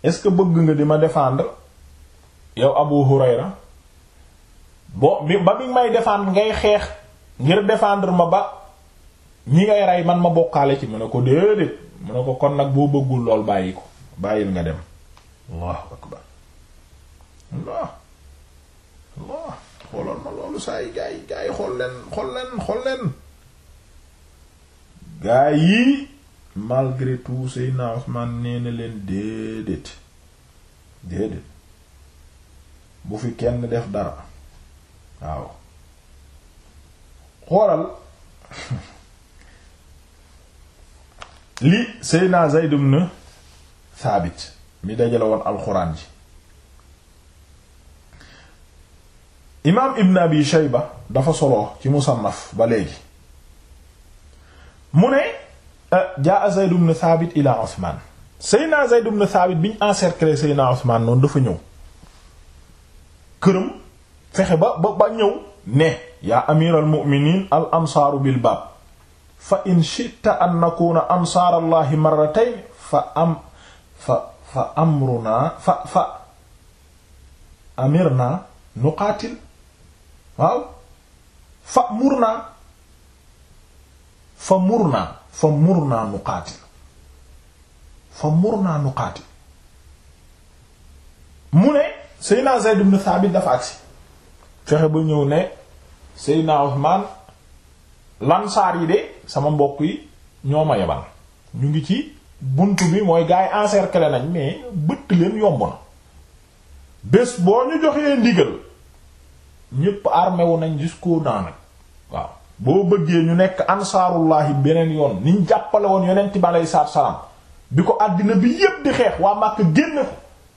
est-ce que bëgg nga di ma défendre yow Abu Hurayra bon bi ba mi may défendre ngay xeex ngir défendre ma ba ñi ngay rey man ma bokkaale ci mu ne ko déedéet mu ne ko kon nag boo bëggul lool bàyyi ko bàyyil nga dem Allahu akbar Allah Allah xooloon ma loolu saa yi gaa yi xool leen xool leen gaa yi malgré tout Seydina Ousmane nee leen déedéet déedéet bu fi kenn def dara waaw xoolal li Seydina Zayd ibn Thabit mi dajale woon alxuraan ji imaam Ibn Abi Shayba dafa solo ci musannaf ba léegi mu ne eh, jaa Zayd ibn Thabit ila Usman Seyna Zayd ibn Thabit biñ encercler Seyna Usman noonu dafa ñëw këram fexe ba ba ñëw ne yaa amiral mu'minin al ansaaru bil baab fa in shi'ta an nakuna ansaar allahi marratayn fa am fa fa amruna fa fa waaw fa mur fa mur naa fa mur naa nuqaatil fa mur mu ne Seydina Zayd ibn Thabit dafa agsi fexe ba ñëw ne Seydina Usmaan lansaar yi de sama mbokk yi ñoo ma yebal ñu ngi ci bunt bi mooy gars yi encercler nañ mais bëtt leen yomb na bés boo ñu joxee ndigal ñépp armé wu nañ jusqu'aux dents nag waaw boo bëggee ñu nekk ansaarullahi beneen yoon niñ jàppale woon yonent bi aleyhi salaatu salaam bi ko àddina bi yépp di xeex waa Màkka génn ko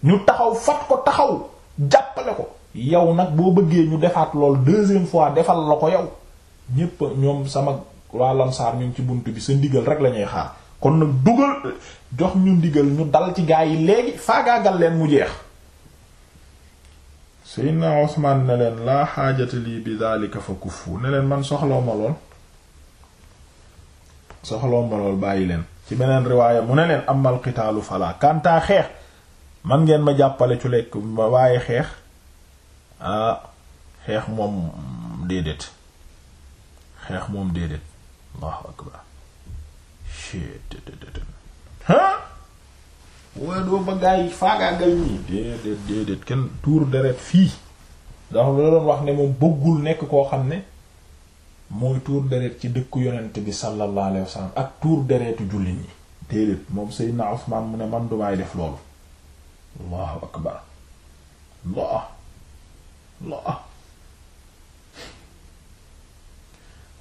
ñu taxaw fat ko taxaw jàppale ko yow nag boo bëggee ñu defaat lool deuxième fois defal la ko yow ñépp ñoom sama waa lamsaar ñu ngi ci bunt bi sa ndigal rek lañuy xaar kon nag dugal jox ñu ndigal ñu dal ci gaa yi léegi faagaagal leen mu jeex Seydina Usmaan ne leen laa xaajata bi daalika fa kuffu ne man soxlaw ma lool bàyyi leen ci beneen riwaaya mu ne leen amal qitaalu falaa kantaa xeex man ngeen ma jàppale ci lekk ba waaye xeex ah, xeex moom déedéet xeex moom déedéet Allahu akbar mooy doo ba gaa yi faagaagal ñii déedéet déedéet kenn tuur deret fii ndax la doon wax ne moom bëggul nekk koo xam ne mooy tuur deret ci dëkku yonent bi sallallahu alayhi ak tuur deretu jullit ñi déedéet moom Seydina Usmaan mu ne man dumaay def loolu allahu akbar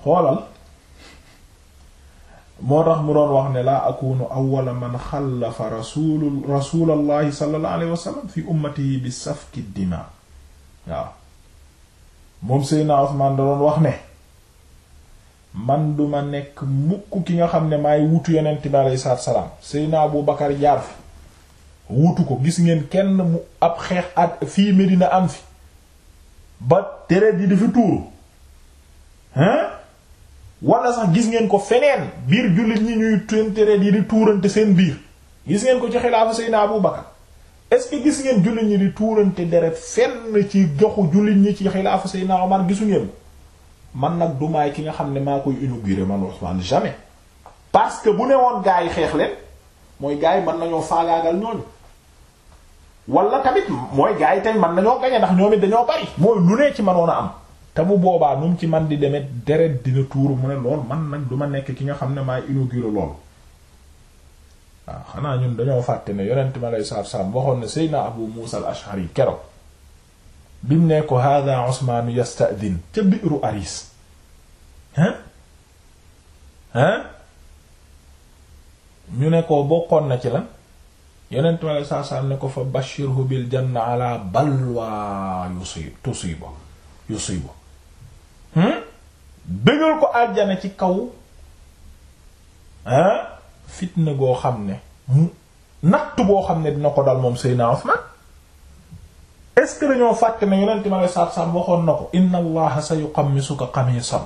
xoolal moo tax mu doon wax ne laa akunu awwala man xallafa rasul rasulallahi sallallahu alayhi wa sallam fi ummatihi bi safki dima waaw moom Seydina Usmaan da doon wax ne man duma nekk mukk ki nga xam ne maay wutu yonent bi alayhi salaatu salaam Seydina Abu Bakar jaar fi wutu ko gis ngeen kenn mu ab xeex at fii Medina am fi ba deret yi di fi tuuru hein wala sax gis ngeen ko feneen biir jullit ñi ñuy tuentere yi di tuurante seen biir gis ngeen ko ci xilaafa Seydina Abu Bakar est-ce que gis ngeen jullit di tuurante deret fenn ci joxu jullit ñi ci xilaafa Seydina Omar gisu ngeen man nag du maay ki nga xam ne maa koy inauguré man Ousmane jamais parce que bu ne woon gaa yi xeex leen mooy gaa yi mën ñoo faagaagal ñooñu wala tamit mooy gaa yi tey mën nañoo gañe ndax ñoom dañoo bari mooy lu ne ci mënoon a am te mu boobaa nu mu ci man di deme deret dina tuuru mu ne lool man nag du ma nekk ki nga xam ne maay inauguré lool waaw xanaa ñun dañoo fàtte ne yonent ma lay saab-saab waxoon ne Abu Musa al bi mu ne ko hada Usmaan yasta'din ca bi'ru Aris hein hein ñu ne ko na ci lan yonent ma lay ko fa bashirhu bil janna ala Hmm? bëggal ko àjjana ci kaw ah fitna goo xam ne nattu boo xam ne dina ko dal moom Seydina Usman est-ce que dañoo fàtte ne yonent ma lay saab saab waxoon na ko inna allaha sa yuqammisuka qamisan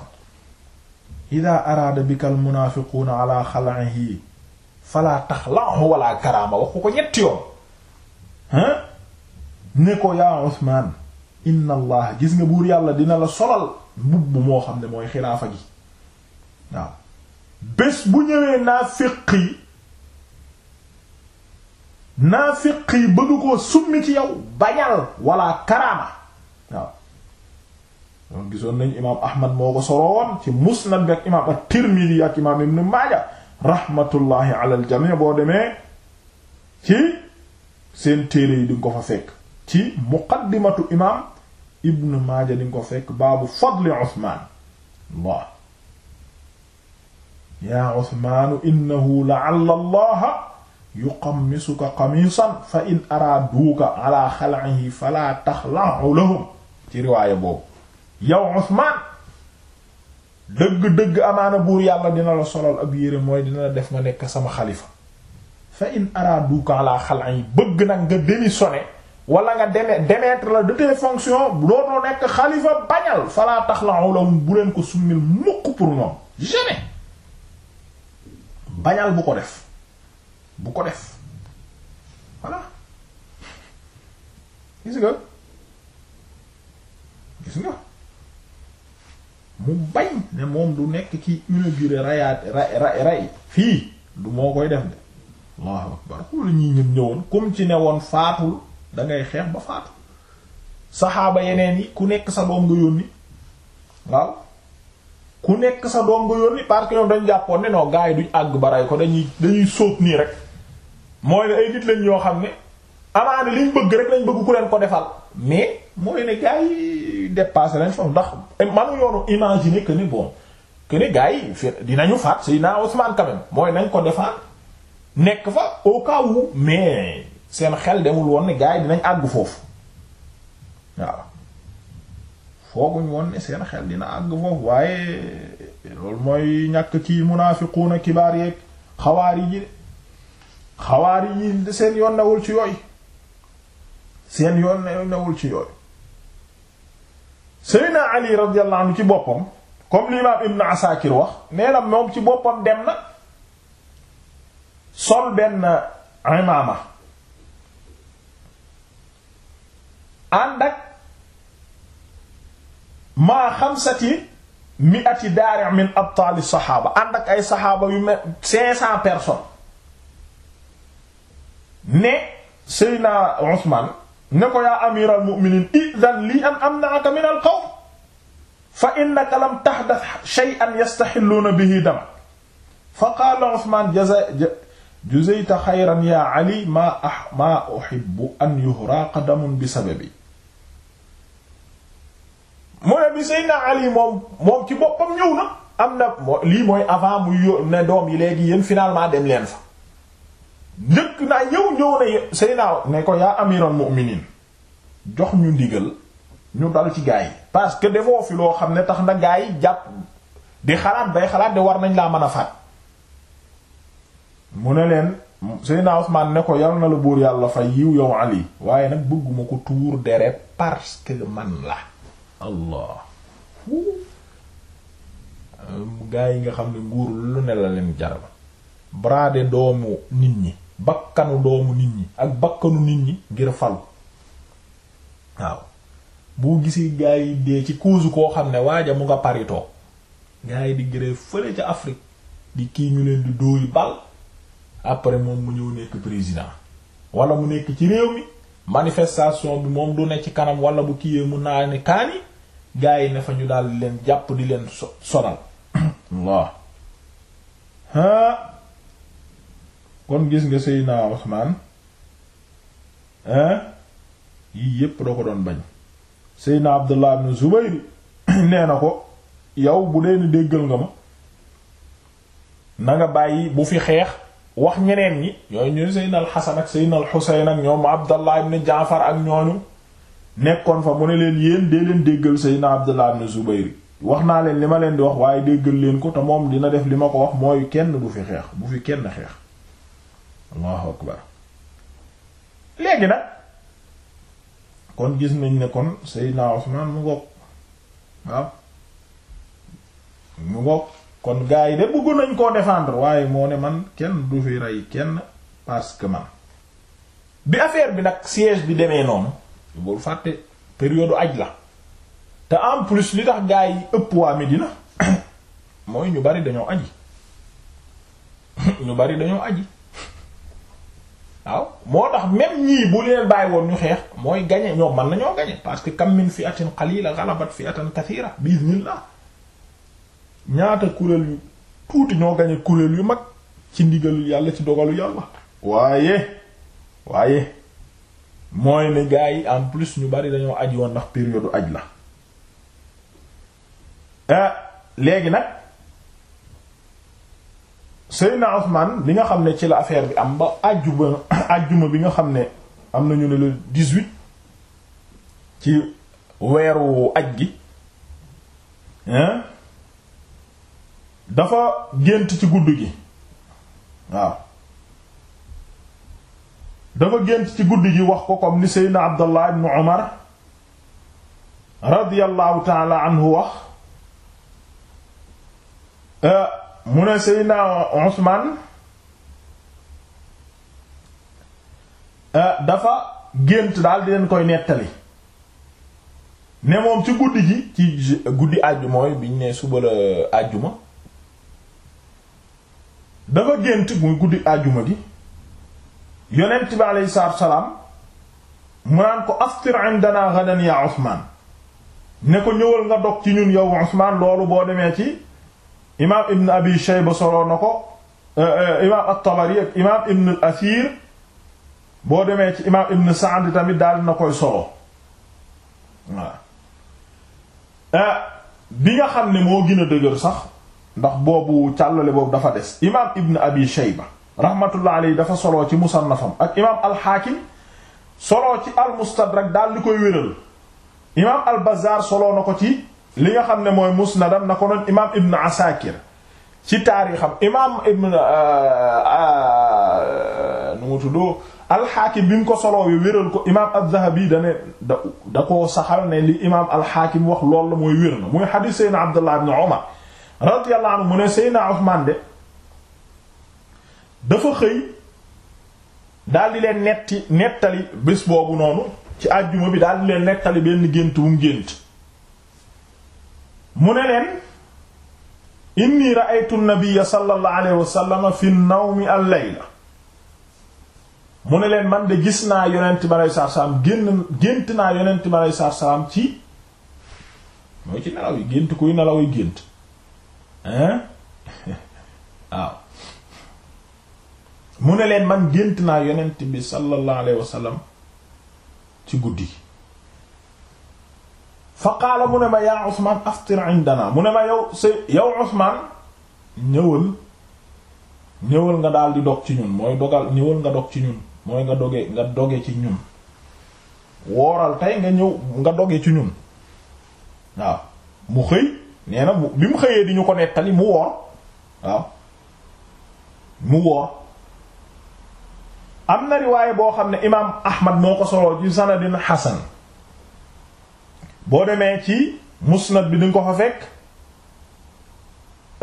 ida araada bika karaama wax ko ñetti yoon ah ne ko yaa Usman inna allah gis nga buur yàlla dina la solal mbubb moo xam ne mooy xilaafa gi waaw bés bu ñëwee naafiq yi naafiq yi bëgg koo summi ci yow bañal wala karaama waaw loolu gisoon nañ imaam ahmad moo ko sorowoon ci musnad bi ak imaam at-tirmidhi ak imaam ibn maaja rahmatullahi ala al boo demee ci seen téere yi di ko fa fekk ci muqaddimatu imaam ibnu maaja dinga ko fekk baabu fadli usmaan allah yaa usmaanu innahu la'alla allaha yuqammisuka qamiisan fa in araaduuka ala xal'ihi fala taxla'u lahum ci riwaaya boobu yow Usmaan dëgg-dëgg amaana buur yàlla dina la solal ab yére mooy dina def nga nekk sama xalifa fa in araaduuka ala xal'ihi bëgg nag nga démissionner wala nga deme démettre la de tes fonctions dootoo nekk xalifa bañal fala taxla'u lahum bu leen ko summil mukk pour ñoom jamais bañal bu ko def bu ko def voilà gis nga gis nga mu bañ ne moom du nekk ki inauguré rayaat ray ray fii du moo koy def de allahu akbar ku la ñuy ñëwoon comme ci ne woon faatul dangay xeex ba faatu saxaaba yeneen yi ku nekk sa doom nga yónni waaw ku nekk sa doom nga yónni parce que ñoom jàppoon ne non gars yi duñ àgg ba ko dañuy dañuy sóob nii rek mooy ne ay nit lañ ñoo xam ne amaana liñ bëgg rek lañ bëgg ku leen ko defal mais mooy ne gars yi dépassé lañ foofu ndax manu yoonu imaginer que ni bon que ne gars dinañu faat Seydina Ousmane quand même mooy nañ ko defaan nekk fa au cas où mais. seen xel demul woon ne gars dinañ àgg foofu waaw fooguñ woon seen xel dina àgg foofu waaye loolu mooy ñàkk kii munaafiquuna kibaar yeeg xawaari yi yi seen yoon newul ci yooyu seen yoon newul ci yooyu Seydina Ali radiyallahu ci boppam comme l'imam Ibn Asakir wax nee na moom ci boppam dem na sol benn imaama ànd ak maa xamsati mi'ati daari' min abtaali saxaaba ànd ak ay saxaaba yu mel cinq cent personnes ne Seydina Usmaan ne ko yaa amiral mu'miniin idan lii an amna'aka min al qawm fa innaka lam tahdath shay'an yastaxilluuna bihi damak fa qaala Usmaan jazayta xayran yaa Ali maa ah, maa uhibbu an yuhraqa damun bi sababi mu ne bi Seydina Ali moom moom ci boppam ñëw na am na lii mooy avant muy yó ne doom yi léegi yéen finalement dem leen fa njëkk naa ñëw ñëw ne Seydina ne ko yaa amiral mu'minin jox ñu ndigal ñu dal ci gaa yi parce que defoo fi loo xam ne tax na gaa yi jàpp di xalaat bay xalaat de war nañ laa mën a faat mu ne leen Seydina Usmaan ne ko yal na la buur yàlla fa yiw yow Ali waaye nag bëgguma ko tuur deret parce que man la allah gaa yi nga xam ne nguur lu ne la leen jaral brader doomu nit ñi bakkanu doomu nit ñi ak bakkanu nit ñi ngir falu waaw boo gisee gaa yi dee ci cause koo xam ne waaja mu nga paritoo gaa yi di grève fële ca Afrique di kii ñu leen di dóoyu bal après moom mu ñëw nekk président wala mu nekk ci réew mi manifestation bi moom du ne ci kanam wala bu kiiyee mu naa ne kaani gaa yi ne fa ñu daal leen jàpp di leen so sonal Allah ha kon gis nga Seydina Usmaan hein yii yépp da ko doon bañ Seydina Abdullah ibn Zubayr nee na ko yow bu dee ni déggal nga ma na nga bàyyi bu fi xeex wax ñeneen ñi yooyu ñooy Seydina al ak Seydina al Husayn ak ñoom Abdallah ibn Jaafar ak ñooñu nekkoon fa mu ne leen yéen dee leen naa Seydina Abdullah ibn Zubayr wax naa leen li ma leen di wax waaye déggal leen ko te moom dina def li ma ko wax mooy kenn du fi xeex bu fi kenn xeex Allahu kon gis nañ ne kon Seydina Usman mu ngoog waaw mu ngoog kon gars de bëggu nañ koo défendre waaye moo ne man kenn du fi rey kenn parce man bi affaire bi nag siège bi demee noonu bul fàtte période aj la te en plus li tax gaa yi ëpp waa Medina mooy ñu bari dañoo aji ñu bari dañoo aji waaw moo tax même ñii bu leen bàyyi woon ñu xeex mooy gañe ñoom mën nañoo gañe parce que kam min fi'atin qalila ghalabat fi'atan kathira bi iznillah ñaata kuréel yu tuuti ñoo gañe kuréel yu mag ci ndigalu yàlla ci dogalu yàlla waaye waaye mooy ne gars yi en plus ñu bari dañoo aj woon ndax période aj la eh, léegi nag Seydina Ousmane bi nga xam ne ci la affaire bi am ba àjjuma àjjuma bi nga xam ne am nañu ne le 18 ci weeru aj gi dafa gént ci gudd gi waaw dafa gént ci guddi gi wax ko comme ni seydna abdallah ibn umar radiyallahu taala anhu wax euh, mu ne seydna usman euh, dafa gént daal di leen koy nettali ne moom ci guddi gi ci guddi àjjuma mooy biñ ne suba la àjjuma dafa gént muy guddi àjjuma gi yonent bi aleyhi salaatu salaam mu ko aftir indana gadan ya Usmaan ne ko ñëwal nga dog ci ñun yow Usmaan loolu boo demee ci imaam Ibn Abi Shayba soloo na ko eh, eh, imaam at imaam Ibn asiir boo demee ci imaam Ibn Sa'd tamit daal na koy solo waaw eh, bi nga xam ne moo gina a sax ndax boobu càllale boobu dafa des imaam Ibn Abi Shayba rahmatullah alayhi dafa soloo ci musannafam ak imaam alxaakim soloo ci almustadrak daal di koy wéral imaam albazar soloo na ko ci li nga xam ne mooy musnadam na ko noon imaam ibn asakir ci taarixam imaam ibn euh, euh, nu mu tuddoo alxaakim bi mu ko soloo wi wéral ko imaam aldahabi dane da da koo saxal ne li imaam alxaakim wax loolu la mooy wér na muy xadiis seydna abdullah ibn umar radiyallahu anhu mu ne seydna uthman de dafa xëy daal di leen netti nettali bés boobu noonu ci àjjuma bi daal leen nettali benn gént wu mu gént mu ne leen inni ra'aytu an-nabiyya sallallahu alayhi wa fi an-nawmi al-layla mu ne leen man de gis naa yonent bi alayhi salaam génn gént naa yonent bi alayhi salaam ci mooy ci nelaw yi gént kuy nelaw yi gént hein waaw mu ne leen man gént naa yonent bi sallallahu alayhi wa ci guddi fa qaala mu ne ma yaa Usmaan aftir indana mu ne ma yow sa yow Usmaan ñëwal ñëwal nga daal di dog ci ñun mooy dogal ñëwal nga dog ci ñun mooy nga doge nga doge ci ñun wooral tey nga ñëw nga doge ci ñun waaw mu xëy nee na bi mu xëyee di ñu ko nettali mu woor waaw mu woor am na riwaay boo xam ne imaam Ahmad moo ko soloo sanadin xasan boo demee ci musnad bi di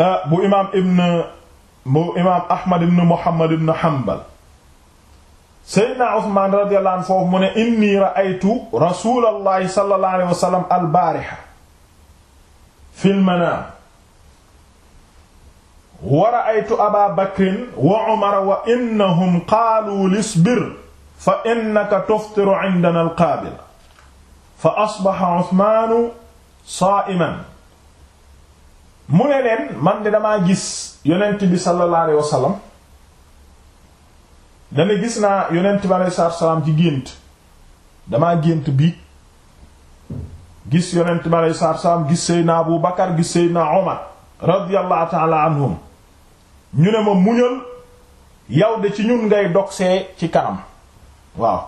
ah, bu imaam ibn bu imaam ibn Muhammad ibn Hanbal Seydina Usmaan radiyallahu inni ra'aytu rasulallahi sallallahu alayhi wa sallam al wa ra'aytu aba bakrin wa umara wa innahum qaalu lisbir fa innaka tuftiru indana alqaabila fa asbaxa usmaanu saa'iman mu ne leen man de damaa gis yonent bi sallallahu alayhi wa sallam dana gis naa yonent bi gént bi gis yonent gis Seydina Abu Bakar gis Seydina Umar radiyallahu ta'ala anhum ñu ne ma muñal yow de ci ñun ngay dogsee ci kanam waaw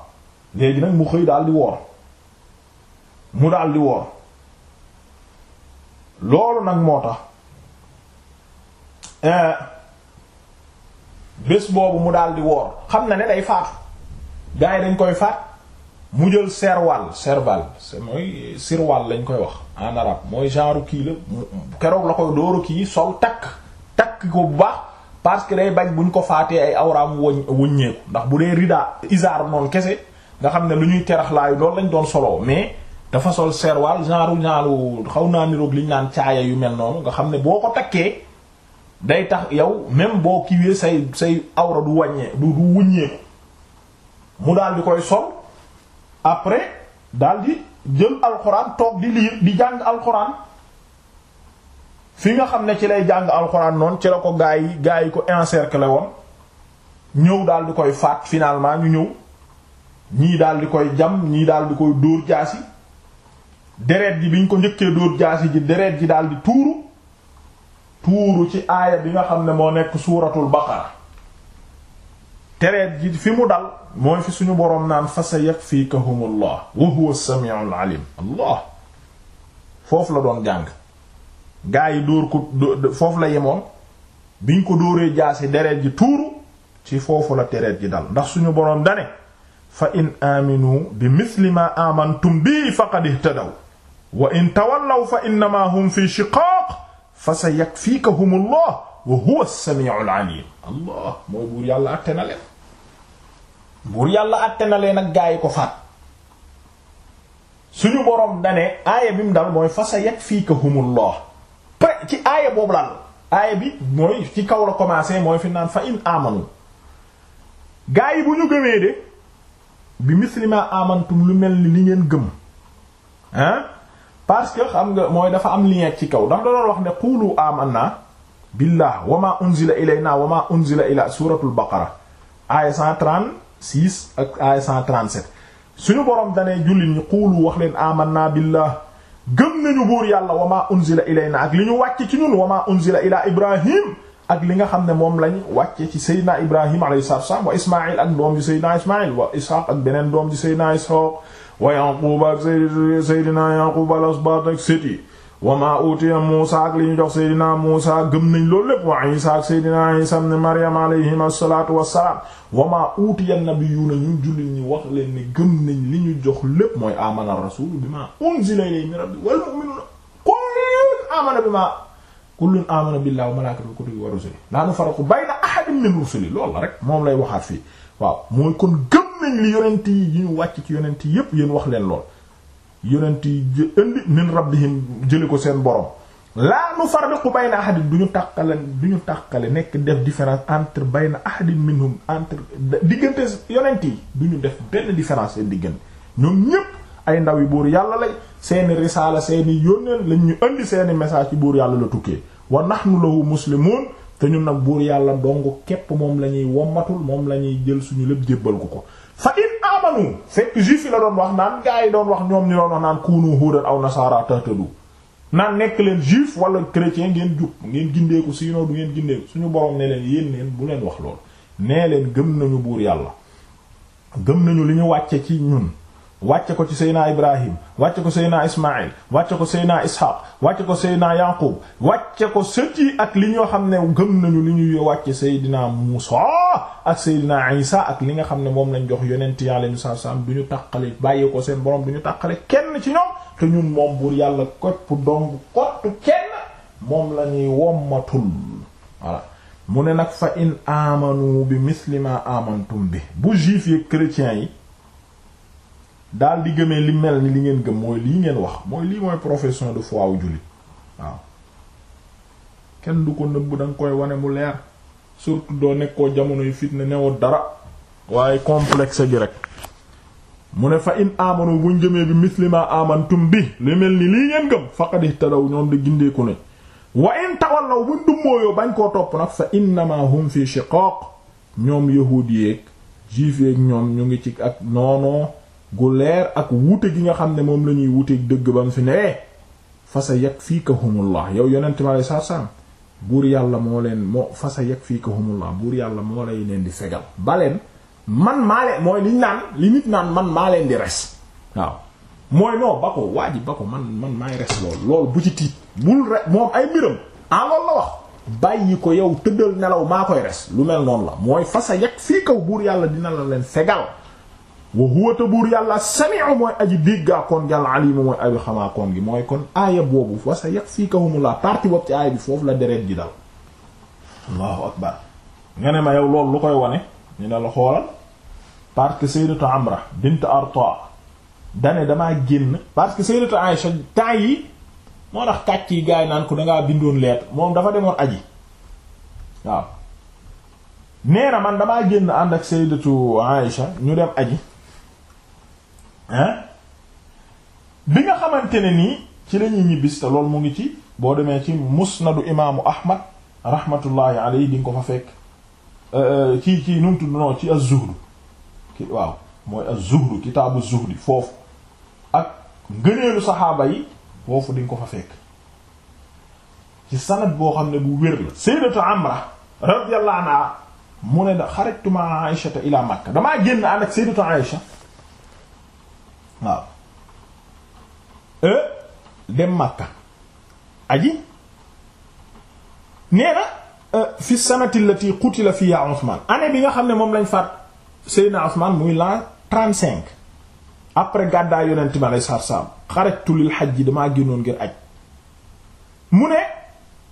léegi nag mu xëy daal di woor mu daal di woor loolu nag moo tax eh, bés boobu mu daal di woor xam na ne day faatu gars dañ koy faat mu jël serwal serval c'est mooy sirwal lañ koy wax en arabe mooy genre kii la keroog la koy dóoru kii sol takk takk ko bu baax parce que day bañ ñu ko faatee ay awraam wëñ wëññeeku ndax bu dee ridaa isaar noonu kese nga xam ne lu ñuy teraxlaayu loolu lañ doon soloo mais dafa sol serwal genre genre xaw naa niroog liñ naan caaya yu mel noonu nga xam ne boo ko takkee day tax yow même boo kiiwee say say awra du wàññee du du wuññeeku mu daal di koy sol après daal di jël alxuraan toog di liir di jàng alxuraan. fi nga xam ne ci lay jàng alxuraan noonu ci la ko gaa yi gaa yi ko encercler woon ñëw daal di koy faat finalement ñu ñëw ñii daal di koy jam ñii daal di koy dóor jaasi deret ji biñ ko njëkkee dóor jaasi ji deret ji daal di tuuru tuuru ci aaya bi nga xam ne moo nekk suuratul baqara deret ji fi mu dal mooy fi suñu boroom naan fa sa fii wa huwa as-sami'ul alim allah foofu la doon jàng gaa yi dóor ko foofu la yemoon biñ ko dóoree jaasi deret ji tuuru ci foofu la deret ji dal ndax suñu borom dane fa in aminu bi misli ma amantum bi faqad ihtadaw wa in tawallaw fa innama hum fi shiqaaq fa sa yakfiikahum allah wa huwa as allah mooy buur yàlla àtte na leen buur yàlla àtte na leen ak gaa ko faat suñu boroom dane aaya bi dal mooy fa sa yakfiikahum allah pré ci aaya boobu laal aaya bi mooy ci kaw la commencé mooy fi naan fa in amanu gaa yi bu ñu gëmee de bi mislima amantum lu mel ni li ngeen gëm hein parce que xam nga mooy dafa am lien ci kaw dafa doon wax ne qulu amanna billah wa ma unzila ilayna naa ma unzila ila suuratul baqara aaya 136 ak aaya 137 suñu borom danee jullit ñi qulu wax leen amanna billah gëm nañu buur yàlla wa maa unzila ilayna ak li ñu wàcce ci ñun wa maa unzila ila ibrahim ak li nga xam ne moom lañ wàcce ci seydina ibrahim alayhi salaam wa ismail ak doom ji seydina ismail wa ishaq ak beneen doom ji seydina ishaq wa yaquba ak seydina yaqub al asbat ak sët yi wa maa utiya Muusaa ak li ñu jox Seydina Muusaa gëm nañ loolu lépp wa Isaa ak Seydina Isaa ibn Maryam alayhim assalaatu wassalaam wa maa utiya nabiyuuna ñun jullit ñi wax leen ne gëm nañ li ñu jox lépp mooy amana rasuulu bimaa unzila ilayhi min rabbihi wal moom lay waxaat fii waaw mooy kon gëm nañ li yonent yi ñu wàcc ci yonent yépp yéen wax leen lool yonent yi indi min rabbihim jële ko seen borom laa nu farriqu bayna ahadin du ñu tàqale du ñu tàqale nekk def différence entre bayna ahadin minhum entre diggante yonent yi du ñu def benn différence seen diggante ñoom ñépp ay ndaw yi buur yàlla lay seeni risaala seeni yónneen lañ ñu indi seeni message ci buur yàlla la tukkee wa nax nahnu lahu muslimun te ñun nag buur yàlla dong képp moom la ñuy wommatul moom la ñuy jël suñu lépp jébbal ko ko fa in amanu fekk juif yi la doon wax naan gaa yi doon wax ñoom ñu doon wax naan kuunu huudan aw nasaara tahtadu naan nekk leen juif wala chrétien ngeen jub ngeen gindeeku sinon du ngeen gindeeku suñu borom ne leen yéen neen bu leen wax lool nee leen gëm nañu buur yàlla gëm nañu li ñu wàcce ci ñun wàcce ko ci seydinaa ibrahim wàcce ko seydinaa ismail wàcce ko seydinaa ishaq wàcce ko seydinaa yaqub wàcce ko sët ak li ñoo xam ne gën nañu li ñuy wàcce seydinaa muusa ak seydinaa isa ak li nga xam ne moom lañ jox yonent yi alayhi salaam du ñu tàqale bàyyi ko seen borom du ñu tàqale kenn ci ñoom te ñun moom buur yàlla kopp dong kottu kenn moom lañuy ñuy wommatul voilà mu ne nag fa in amanu bi misli ma bi bu juif yi chrétiens yi daal di gëmee li mel ni li ngeen gëm mooy lii ngeen wax mooy lii mooy profession de foi wu jullit waaw kenn du ko nëbb da nga koy wane mu leer surtout doo nekkoo jamono yu fitna newoo dara waaye complex gi rek mu ne fa in amanu buñ gëmee bi mislima amantum bi li mel ni lii ngeen gëm faqad ihtadaw ñoom de gindeeku ne wa in tawallaw buñ dummóoyoo bañ koo topp nag fa innama hum fi shiqaq ñoom yahuudi yeeg ñoom ñu ngi ci ak noonoo gu leer ak wuute gi nga xam ne moom la ñuy wuuteeg dëgg ba mu fi ne fa sa yakfikahumullah yow yonent ma lay sarsam buur yàlla moo leen moo fa sa yakfikahumullah buur yàlla moo lay leen di fegal baleen man maa leen mooy naan li naan man maa leen di res waaw ko waa ji ba man man maay res lool lool bu ci tiit bul moom ay mbiram ah loolu wax bàyyi ko yow tëddal nelaw maa koy res lu mel noonu la mooy fa sa yakfikahu buur yàlla dina la leen fegal wa huwa buur yàlla sami'u mooy aji déggaa koon yàlla alimu mooy aji xamaa koon gi mooy kon aaya boobu fa sa yakfikahumullah partie boobu ci aaya bi foofu la deret ji dal allahu akbar nga ne ma yow loolu lu koy wane ñu ne la xoolal parce que sayyidatu amra bint arta dane damaa génn parce que sayyidatu aisha yi moo tax kàcc yi gars yi naan ko dangaa bindoon lettre moom dafa demoon aji waaw nee na man damaa génn ànd ak sayyidatu aisha ñu dem aji bi nga xamante ne nii ci la ñuy ñibbis mu ngi ci boo demee ci musnadu imaamu ahmad rahmatullahi alayhi di nga ko fa fekk euh, euh, ci ci numtu non ci az ki waaw mooy az-zuhd kitaabu zuhdi foofu ak ngëneelu saxaaba yi foofu di nga ko fa fekk ci sanad boo xam ne bu wér la sayyidatu amra radiyallahu anha ne da xarajtu ma'a aisha ila makka damaa génn ànd ak sayyidatu aisha waaw euh, dem Makka aji nee na euh, fi sanati allati qutila fiha Usman année bi nga xam ne moom lañ faat Seydina Usman muy l'an trente-cinq après gàddaay yonent bi alei satu salaam xarajtu lil hajji damaa génnoon ngir aj mu ne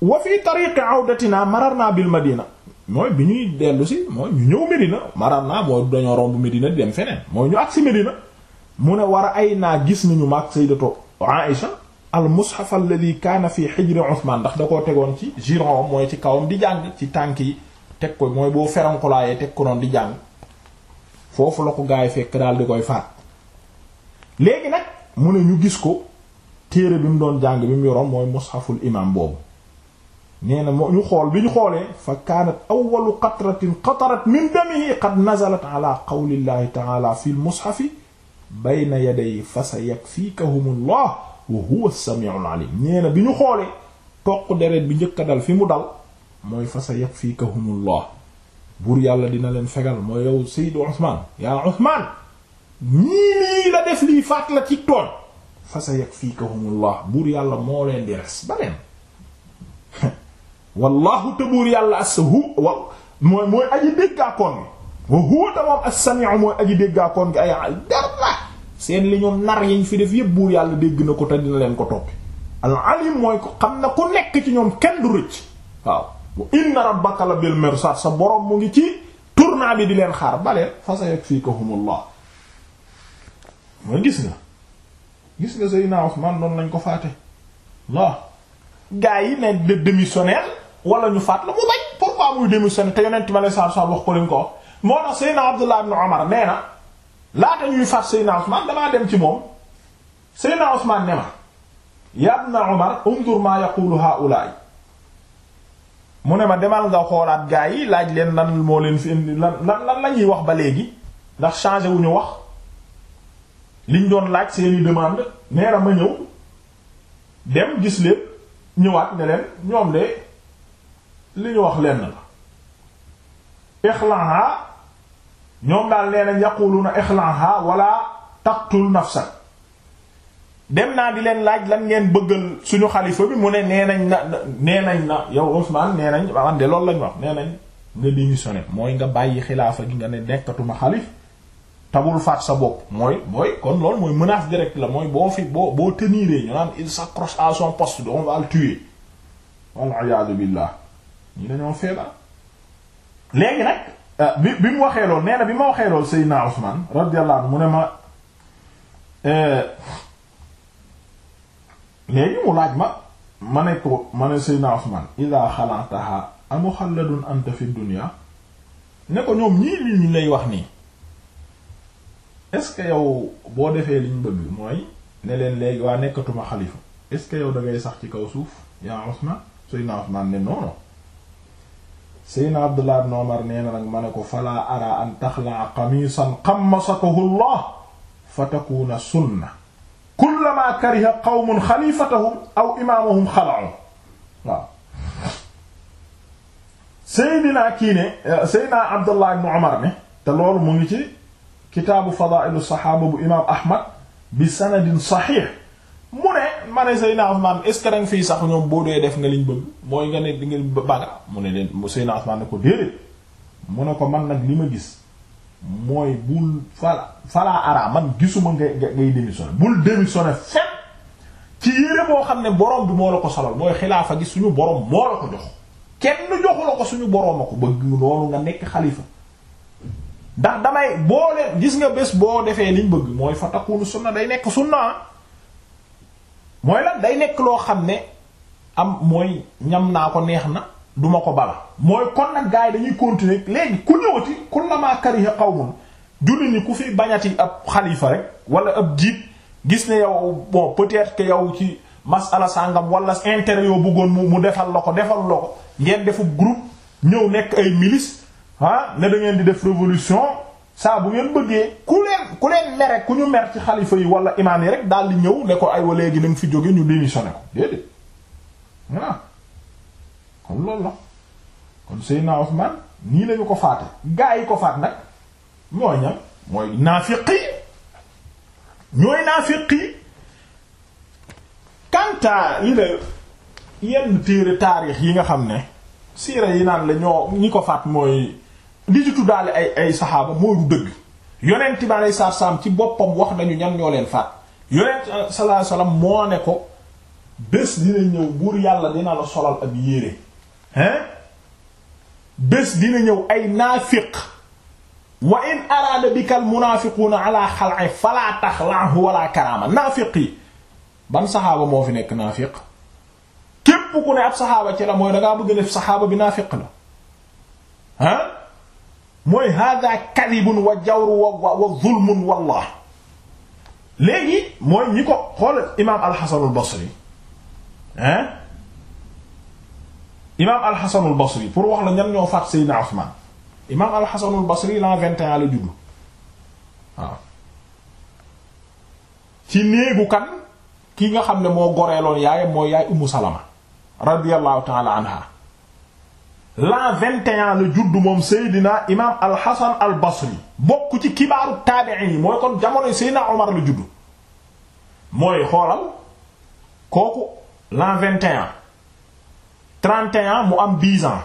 wa fi tariqi awdatina marar naa bil madina mooy bi ñuy dellu si mooy ñu ñëw Medina marar naa mooy dañoo romb Medina di dem feneen mooy ñu agsi Medina mu ne war ay naa gis ñu maag sayyidatu Aïsha al mushaf alladhi kaana fi hijri Usman ndax da koo tegoon ci giron mooy ci kawam di jàng ci tànk yi teg ko mooy boo ferankolaayee teg ko noonu di jàng foofu la ko gaay fekk daal di koy faat léegi nag mu ne ñu gis ko téere bi mu doon jàng bi mu yoroon mooy mushaful imam boobu nee na moo ñu xool bi ñu xoolee fa kaanat awwalu qatratin qatarat min damihi qad nazalat ala qawlillahi ta'ala mushafi bayna yaday fa sa yakfikahumullah wa huwa as alim nee bi ñu xoolee toq deret bi njëkk a dal fi mu dal mooy fa sa yakfikahumullah buur yàlla dina leen fegal moo yow Seydou Ousmane yaa Ousmane ñii nii la def lii faat la ci toon fa sa yakfikahumullah buur yàlla moo leen di res ba leen buur yàlla as hu wa mooy mooy aji déggaakoon wa huwa moom as-sami'u mooy aji déggaakoon gi ay dara seen li ñoom nar yiñ fi def yëpp buur yàlla dégg na ko te dina leen ko toppi al-alim mooy ko xam na ku nekk ci ñoom kenn du rëcc waaw inna rabbaka la bil mirsad sa borom mu ngi ci tournant bi di leen xaar baleen fa sayakfikahumullah mooy gis nga gis nga Seydina Ousmane noonu lañ ko faate la gaa yi ne démissionnaire wala ñu faat la mu bañ pourquoi muy démissionnaire te yonent ma lay saar saar wax ko moo tax Seydina Abdullah ibn Umar nee na laata ñuy far Seydina Usman damaa dem ci moom Seydina Usman ne ma ya ibn Umar unzur ma yaqulu haula'i mu ne ma demal nga xoolaat gaa yi laaj leen nan moo leen fi indi lan lan la ñuy wax ba léegi ndax changé wu ñu wax liñ doon laaj seeni demande nee na ma ñëw dem gis leen ñëwaat ne leen ñoom de li ñu wax lenn la ixlaha ñoom daal nee na yaquluna ixlaha wala taqtul nafsak dem naa di leen laaj lan ngeen bëggal suñu xalifa bi mu ne nee nañ na nee nañ na yow Ousmane nee nañ man de loolu lañ wax nee nañ nga démissionné mooy nga bàyyi xilaafa gi nga ne nekkatuma xalif tabul faat sa bopp mooy mooy kon loolu mooy menace directe la mooy boo fi boo boo teniree ñu naan il s'accroche à son poste on va le tuer wal iyaadu billah ñi dañoo feebar léegi nag euh, bi bi mu waxee lool nee na bi ma waxee lool Seydina Ousmane radiyallahu anhu mu ne ma euh, léegi mu laaj ma ma ne ko ma ne Seydina Ousmane ida la amuxalladun anta fi dunya ne ko ñoom ñii li ñu lay wax nii est-ce que yow boo defee liñ bëgg mooy ne leen léegi waa nekkatuma xalifa est-ce que yow da sax ci kaw suuf yaa Ousmane Seydina Ousmane ne non Seydina Abdullah ibn Umar nee na nag ma ne ko falaa ara an taxlaa qamiisan qammasakahu Allah fa takuuna sunna kullamaa kariha qawmun xaliifatahum aw imaamahum xala'u waaw Seydina kii ne Seydina Abdullah ibn Umar ne te loolu mu ngi ci kitaabu fadaa'ilu saxaaba bu imaam Ahmad bi sanadin saxiix mu ne ma ne Seydina Usmaan est ce que da nga fiy sax ñoom boo dee def nga liñ bëgg mooy nga ne di ba baga mu ne leen Seydina Usmaan ne ko déedéet mu ne ko man nag li ma gis mooy bul fala fala ara man gisuma ngay ngay démissionné bul démissionné fet ci yére boo xam ne borom bi moo la ko solal mooy xilaafa gi suñu borom moo la ko jox kenn joxu la ko suñu borom a ko bëgg loolu nga nekk xalifa ndax damay boo leen gis nga bés boo defee liñ bëgg mooy fa takunu day nekk sunna mooy lan day nekk loo xam ne am mooy ñam naa ko neex na duma ko bala mooy kon nag gars yi dañuy continuer léegi ku ñëwati kun la maa kariha qawmun julli ni ku fi bañati ab xalifa rek wala ab jiit gis ne yow bon peut-être que yow ci masala sàngam wala intérêt yoo bëggoon mu defal la ko defal la ko ngeen defu groupe ñëw nekk ay milice ah ne da ngeen di def révolution saabu bu ngeen bëggee ku leen ku leen mere ku ñu mer ci xalifa yi wala imaam yi rek daal di ñëw ne ko ay wa léegi na nga fi jóge ñu démissionné ko déedéet voilà kon loolu la kon Seydina Ousmane nii lañu ko faate gaa yi ko faat nag ñooy ñam mooy naafiqi ñooy naafiqi kantaa yi la yenn téere taarix yi nga xam ne siira yi naan la ñoo ñi ko faat mooy di ci tuddaale ay ay saxaaba mooy du dëgg yonent bi alayhi salaatu salaam ci boppam wax nañu ñan ñoo leen moo ne ko bés dina ñëw buur yàlla dina la solal ab yére hein bés dina ñëw ay naafiq wa in araada bika al munaafiquuna ala xal'i fala taxla'hu wala karaama naafiq ban saxaaba moo fi nekk naafiq képp ku ne ab saxaaba ci la mooy dangaa bëgg def saxaaba bi naafiq la hein mooy hada kadibun wa jawru wa wa zulmun wallah léegi mooy ñi ko xoolal imaam alxasan albasri hein imaam alxasan albasri pour wax la ñan ñoo faat seydina Usmaan imaam alxasan albasri l'an vingt et un la juddu waaw ci néegu kan ki nga xam ne moo goreeloon yaayam mooy yaay ummu salama radiyallahu taala anha l'an 21 la juddu moom Seydina imaam al-Hasan al-Basri bokku ci kibaaru taabi'in yi mooy kon jamonoy Seydina Omar la juddu mooy xoolal kooku l'an 21 31 mu am 10 ans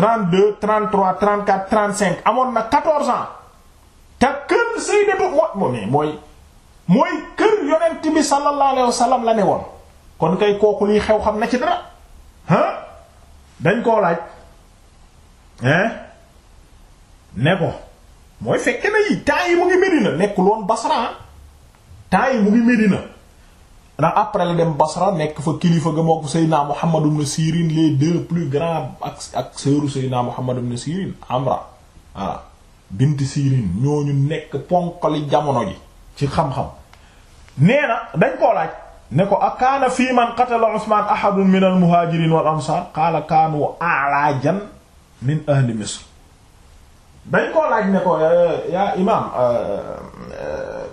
32 33 34 35 amoon na 14 ans te kër Sayyidatu mooy mooy mooy kër yonent bi sallallahu alayhi wa la ne woon kon kay kooku liy xew xam na ci dara. ah dañ koo laaj hein ne ko mooy fekke na yi temps yi mu ngi Medina nekkul woon Basra temps yi mu ngi Medina ndax après la dem Basra nekk fa kilifa ga moo ko Seydina Muhammad ibn Sirin les deux plus grands ak ak sœuru Seydina Muhammad ibn Sirin Amra voilà bint Sirin ñooñu nekk ponkali jamono ji ci xam-xam nee na dañ koo laaj ne ko akaana fii man qatala Usmaan ahadun min al muhaajiriin wal ansaar qaala kaanu a'laajan min ahli Misr dañ koo laaj ne ko eh, yaa imaam eh, eh,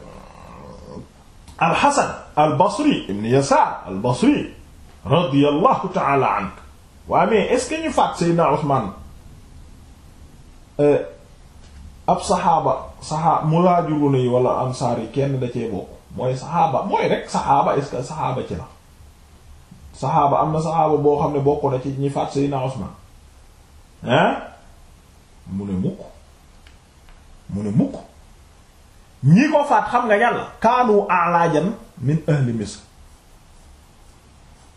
al Hasan al Basri ibn Yasaar al Basri radiyallahu ta'ala anhu waa mais est-ce que ñu faat Seydina Usmaan ab saxaaba saxaaba muhaajiruun yi wala ansaar yi kenn da cee bokk mooy saxaaba mooy rek saxaaba est que saxaaba ci la saxaaba am na saxaaba boo xam ne bokk na ci ñi faat Seydina Usman hein mu ne mukk mu ne mukk ñi ko faat xam nga ñàlla kaanu alaajan min ahli misr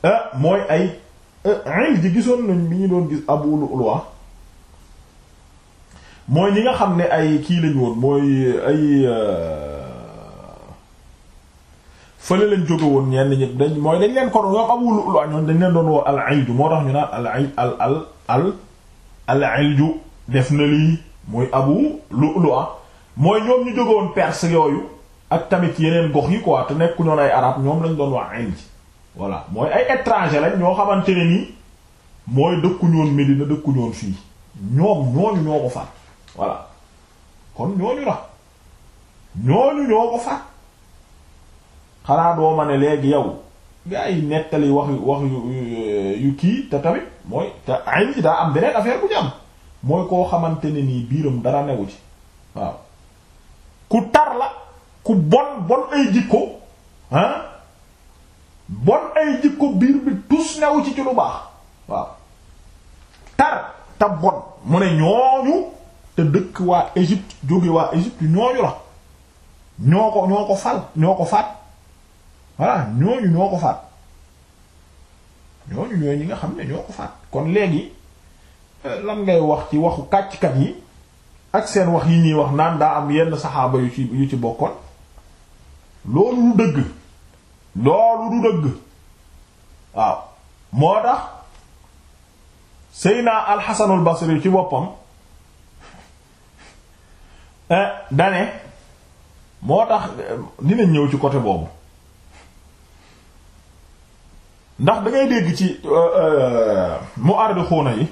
eh, mooy ay eh, il gisoon nañ bi doon gis Abu Lu'lu'a mooy ñi nga xam ne ay kii lañ woon mooy ay eh, fële leen jóge ñeen ñenn ñi dañ mooy dañ leen ko doon ñoom Abu Lu'lu'a ñoom dañ leen doon woo al ilju moo tax ñu naan al al al al al ilju def na muy Abu Lu'lu'a mooy ñoom ñu jóge woon Perse yooyu ak tamit yeneen gox yi quoi te nekku ñoon ay arab ñoom lañ doon wax ilji voilà mooy ay étranger lañ ñoo xamante ne nii mooy dëkkuñu woon Médina dëkkuñu woon fii ñoom ñooñu ñoo ko faat voilà kon ñooñu la ñooñu ñoo ko faat xanaa doo ma ne léegi yow gaa yi nettali wax wax yu kii te tamit mooy te ay daa am beneen affaire bu ñu am mooy koo xamante ne nii biiram dara newu ci waaw ku tar la ku bon bon ay jikko ah bon ay jikko biir bi tus newu ci ci lu baax waaw tar te bon mu ne ñooñu te dëkk waa Égypte jóge waa Égypte ñooñu la ñoo ko ñoo ko fal ñoo ko faat voilà ñooñu ñoo ko faat ñooñu ñooy ñi nga xam ne ñoo ko faat kon léegi euh, lan ngay wax ci waxu kàcckat yi ak seen wax yi ñuy wax naan daa am yenn saxaaba yu ci yu ci bokkoon loolu du dëgg loolu du dëgg waaw moo tax Seyna Alxasanul Basri ci boppam eh, dane moo tax dinañ ñëw ci côté boobu ndax dangay dégg ci euh, euh, mu ardi xuuna yi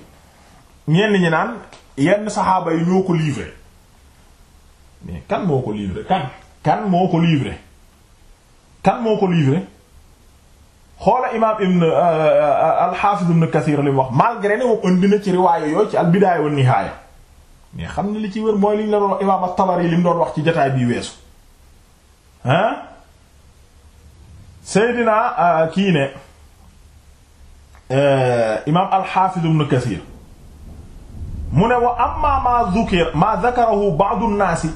ñenn ñi naan yenn saxaaba yi ñoo ko livré mais kan moo ko livré kan kan moo ko livré kan moo ko livré xoola imaam ibn euh, al-Hafiz ibn Kathir li mu wax malgré ne moom indi na ci riwaaya yooyu ci al-Bidaaya wa Nihaaya mais xam ne li ci wér mooy li ñu la doon wax imaam at li mu doon wax ci jotaay bii weesu ah Seydina kii ne Euh, imaam alxaafiz ibn Kasiir mu ne wa amma maa zukira maa zakarahu ba'du nnaasi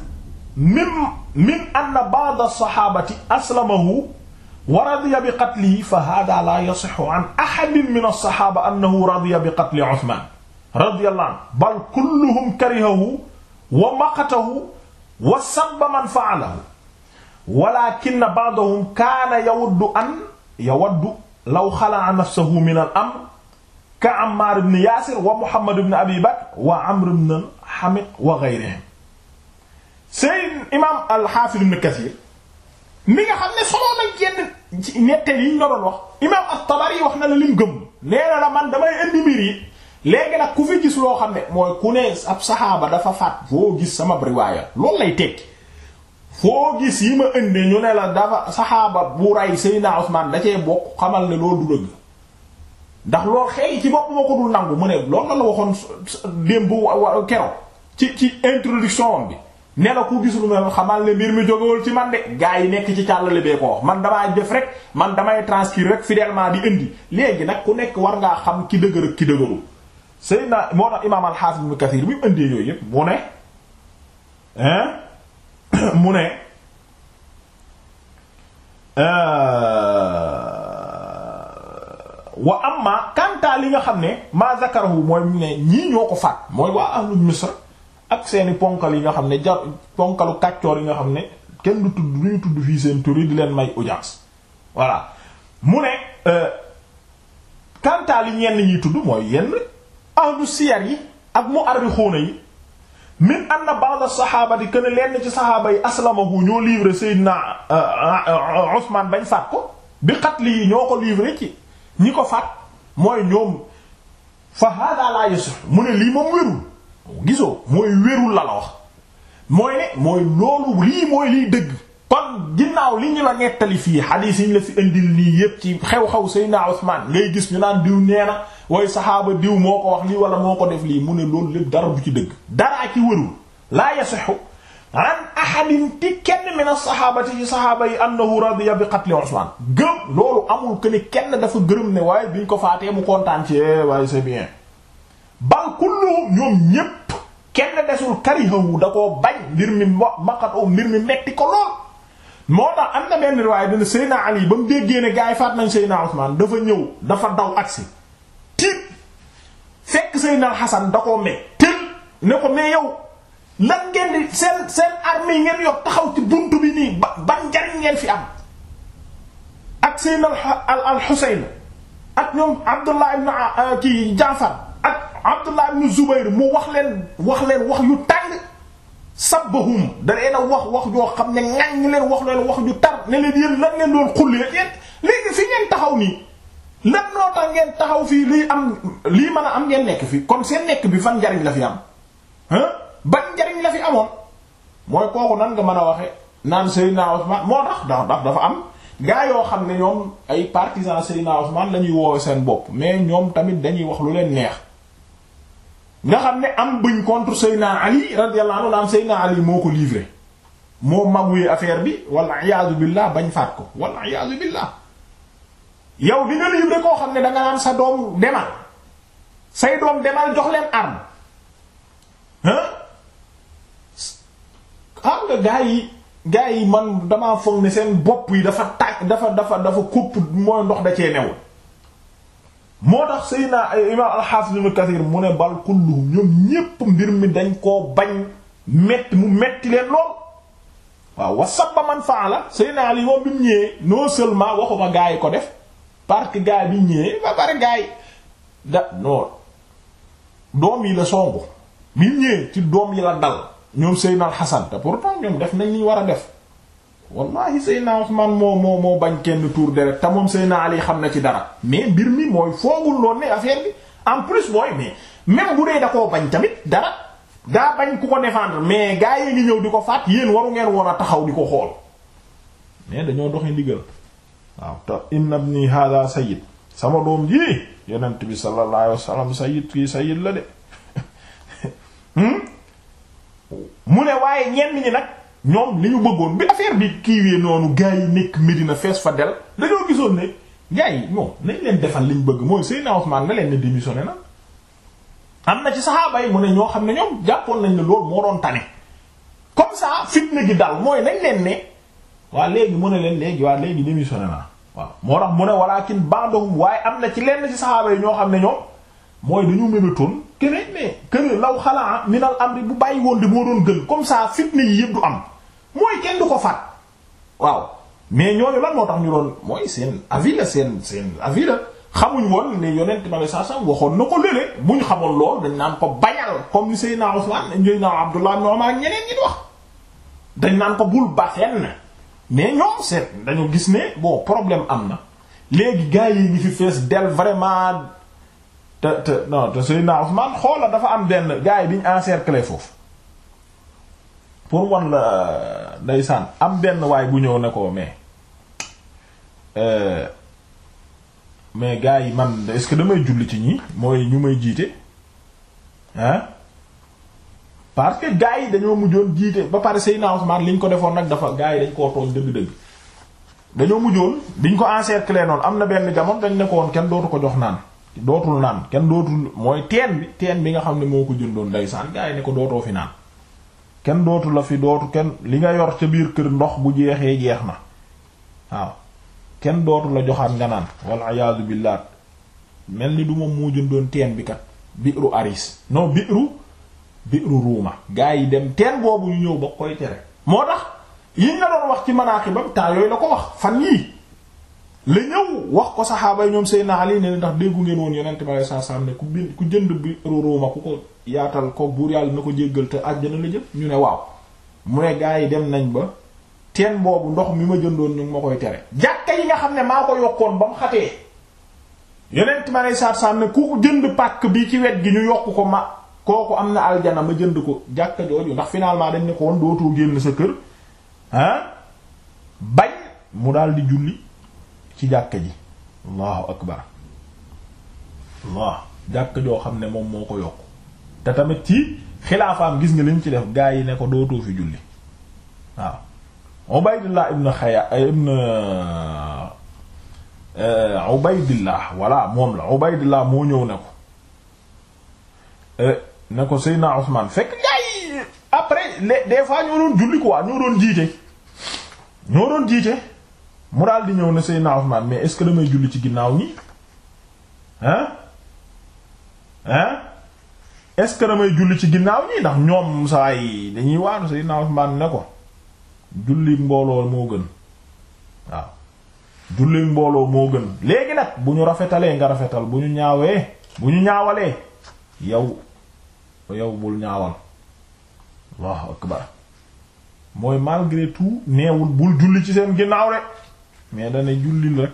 min min anna ba'd as-sahaabati aslamahu wa radiya bi qatlihi fa haadaa laa yasihhu an ahadin min as-sahaaba annahu radiya bi qatli Usmaan radiyallahu anhu bal kulluhum karihahu wa maqatahu wa sabba man fa'alahu walaakinna ba'dahum kaana yawaddu an yawaddu law xalaa nafsahu min al amr ka Ammaar ibn Yaasir wa wa Amr ibn al-Hamiq wa ghayrihim seen ne solo nañ wax na la lim gëm nee man damay indi mbir yi léegi nag ku fi gis loo xam ne mooy ku ne ab saxaaba dafa faat boo gis sama riwaaya loolu lay foo gis yi ma indi ñu ne la dafa saxaaba bu rey naa Usmaan da cee bokk xamal ne loolu dëgg ndax lool xëy ci bopp moo ko dul nangu mu ne loolu la la waxoon démb keroog ci ci introduction bi ne la ku gis xamal ne mbir mi jógewul ci man de gaa yi nekk ci càllale bee ko man damaa jëf rek man damay transcrire rek fidèlement di indi léegi nag ku nekk war ngaa xam ki dëgër ak ki dëgërul Seydina moo tax imaam al-Hafiz Ibn Kathir bi mu indee yooyu yëpp mu ne mu ne euh, wa amma kantaa li nga xam ne maa zakarahu mooy mu ne ñii ñoo ko faat mooy waa ahlu misr ak seeni ponkal yi nga xam ne jar ponkalu kàccoor yi nga xam ne kenn du tudd du tudd fii seen tur di leen may audience voilà mu ne euh, kantaa li ñenn ñiy tudd mooy yenn ahlu siyar yi ak mu arri xóona yi min anna ba'd saxaabati que ne lenn ci saxaaba yi aslamahu ñoo livré Seydina euh, euh, Ousmane bañ faat ko bi xatli yi ñoo ko livré ci ñi ko faat mooy ñoom fa hada la yusuf mu ne lii moom wérul gisoo mooy wérul la la wax mooy ne mooy loolu lii mooy liy dëgg kon ginnaaw li ñu la nettali fii xadiis yi ñu la fi indil nii yépp ci xew-xew naa Usmaan ngay gis ñu naan diw nee na way saxaaba diw moo ko wax lii wala moo ko def lii mu ne loolu lépp dara bu ci dëgg daraa ci wërul laa yasixu an ahadin ti yi annahu radiya bi qatli Usmaan gëm amul que ne kenn dafa gërëm ne waaye biñ ko faatee mu kontaan ci eh, waaye c'est bien bal kulluhum ñoom ñépp kenn desul karihahu da koo bañ mbir mi maqat mbir mi metti ko lool moo tax am na benn riwaay dana Seyna Ali ba mu déggee ne gaa yi faat nañ Seyna Ousmane dafa ñëw dafa daw agsi tiit fekk Seyna Hassan da koo may tël ne ko mais yow la ngeen di seen seen armée ngeen yor taxaw ci bunt bi nii ba ban njariñ ngeen fi am ak Seyna al ak ñoom Abdullah ibn ah, kii Jaafar ak Abdullah ibn Zubayr mu wax leen wax leen wax yu tàng. sabbahum da leen a wax wax joo xam ne ŋaññi leen wax leen wax ju tar ne leen yéen lan leen doon xullee yéen léegi fi ngeen taxaw nii lan noo tax ngeen taxaw fii lii am lii mën a am ngeen nekk fii kon seen nekk bi fan njariñ la fi am ah ban njariñ la fi amoon mooy kooku nan nga mën a waxe naan Seydina Usman moo tax ndax dafa am gaa yoo xam ne ñoom ay partisans Seydina Usman la ñuy woowe seen bopp mais ñoom tamit dañuy wax lu leen neex nga xam ne am buñ contre Seyna Ali radiyallahu anhu naan Seyna Ali moo ko livré moo magwee affaire bi wala iyaazu billah bañ faat ko wala iyaazu billah yow di nga livré koo xam ne danga nga naan sa doom demal say doom demal jox leen arme hein nga gaa yi gaa yi man damaa foog ni seen bopp yi dafa tàkk dafa dafa dafa kupp mooy ndox da cee newul moo tax Seydina naa ay hafiz Ibn Kathir mu ne bal kulluhum ñoom ñépp mbir mi dañ koo bañ metti mu metti leen lool waaw wa sabba man faala Seydina Ali moom bi ñëwee ñëwee non seulement waxuma gaa yi ko def parce que bi ñëwee ba pare gaa da non doom yi la songu bi ñëwee ci doom yi la dal ñoom Seydina al-Hasan te pourtant ñoom def nañ li war a def wallahi Seydina Usmaan moo moo moo bañ kenn tuur deret te moom Seydina Ali xam na ci dara mais mbir mi mooy foogul loon ne affaire bi en plus mooy mais même bu dee da koo bañ tamit dara daa bañ ku ko défendre mais gaa yi ngi ñëw di ko faat yéen waru ngeen woon a taxaw di ko xool mais dañoo doxe ndigal waaw te inna ibni hada sayyid sama doom ji yonent bi sallallahu alayhi wasallam sayyid kii sayyid la de hmm? mu ne waaye ñenn ñi nag ñoom li ñu bëggoon bi affaire bi kiiwee noonu gars yi nekk Medina fees fa del dañoo gisoon ne gars yi moom nañ leen defal liñ bëgg mooy Seydina Ousmane na leen ne démissionné na am na ci saxaaba yi mu ne ñoo xam ne ñoom jàppoon nañ ne loolu moo tane comme ça fitna gi dal mooy nañ leen ne waa léegi mu ne leen léegi waa léegi démissionné na waaw moo tax mu ne walaakin ba'dahum waaye am na ci lenn ci saxaaba ñoo xam ne ñoom mooy dañu mënatoon keneen ne keneen law xalaa minal amri bu bàyyi woon de moo doon gën comme ça fitna yi yëpp du am mooy kenn du ko faat waaw mais ñoo lan moo tax ñu doon mooy seen avis la seen seen avis la xamuñ woon ne yonent ma saa saa waxoon na ko léeg bu ñu xamoon lool dañ naan ko bañal comme ni Seydina Usman Seydina Abdullah ibn Umar ak ñeneen naan ko bul ba mais ñoom seet dañoo gis ne boo problème am na léegi gars yi ngi fi fees del vraiment te te non te naa Usman xoola dafa am benn gars yi biñ encercler foofu. pour wan la daysaan am benn waay bu ñëw ne ko mais euh, mais gars yi man est-ce que damay julli ci ñi mooy ñu may jiite ah parce que gars yi dañoo mujjoon jiite ba pare Seydina Ousmane li ñu ko defoon nag dafa gaa yi dañ koo tooñ dëgg-dëgg dañoo mujjoon biñ ko encercler noonu am na benn jamono dañ ne ko woon kenn dootu ko jox naan dootul naan kenn dootul mooy teen bi teen bi nga xam ne moo ko jëndoon daysaan gars yi ne ko dootoo fi naan kenn dootu la fi dootu kenn li nga yor ca biir kër ndox bu jeexee jeex na waaw kenn dootu la joxaat nga naan walla iyaatu billaah mel ni du moom moo jëndoon teen bi kat biiru aris non biiru biiru ruuma gaa yi dem teen boobu ñu ñëw ba koy tere moo tax yi nga doon wax ci manaaxibam temps yooyu la ko wax fan yii la ñëw wax ko saxaaba ñoom Seydina Ali ne ndax déggu ngeen woon yonent bi sallallahu alayhi wasallam ne ku bind ku jënd biiru ruuma ku ko yaatal ko buur yàlla na ko jéggal te àjjana la jëm ñu ne waaw mu ne gaa yi dem nañ ba teen boobu ndox mi ma jëndoon ñu ma koy tere jàkka yi nga xam ne maa ko yokkoon ba mu xatee yeneen ma lay saat ne ku jënd pàkk bi ci wet gi ñu yokk ko ma kooku am na aljana ma jënd ko jàkka jooju ndax finalement dañ ne ko woon dootoo génn sa kër ah bañ mu daal di julli ci jàkka ji allahu akbar allah jàkka joo xam ne moom moo ko yokk te tamit ci xilaafaam gis nga li mu ci def gaa yi ne ko dootoo fi julli waaw Ubaydillah ibn Xaya ibn eh, Ubaydillah walla moom la Ubaydillah moo ñëw ne ko eh, ne ko Seydina Usmaan fekk gaa yi après des ñoo doon julli quoi ñoo doon jiite ñoo doon jiite mu daal di ñëw ne Seydina Usmaan mais est-ce que damay julli ci ginnaaw ñi hein hein est-ce que damay julli ci ginnaaw ñi ndax ñoom saa yi dañuy waaru Seydina Usmaan ne ko julli mbooloo moo gën waaw julli mbooloo moo gën léegi nag bu ñu rafetalee nga rafetal bu ñu ñaawee bu ñu ñaawalee yow yow bul ñaawal Allahu akbar mooy malgré tout neewul bul julli ci seen ginnaaw rek mais dana jullil rek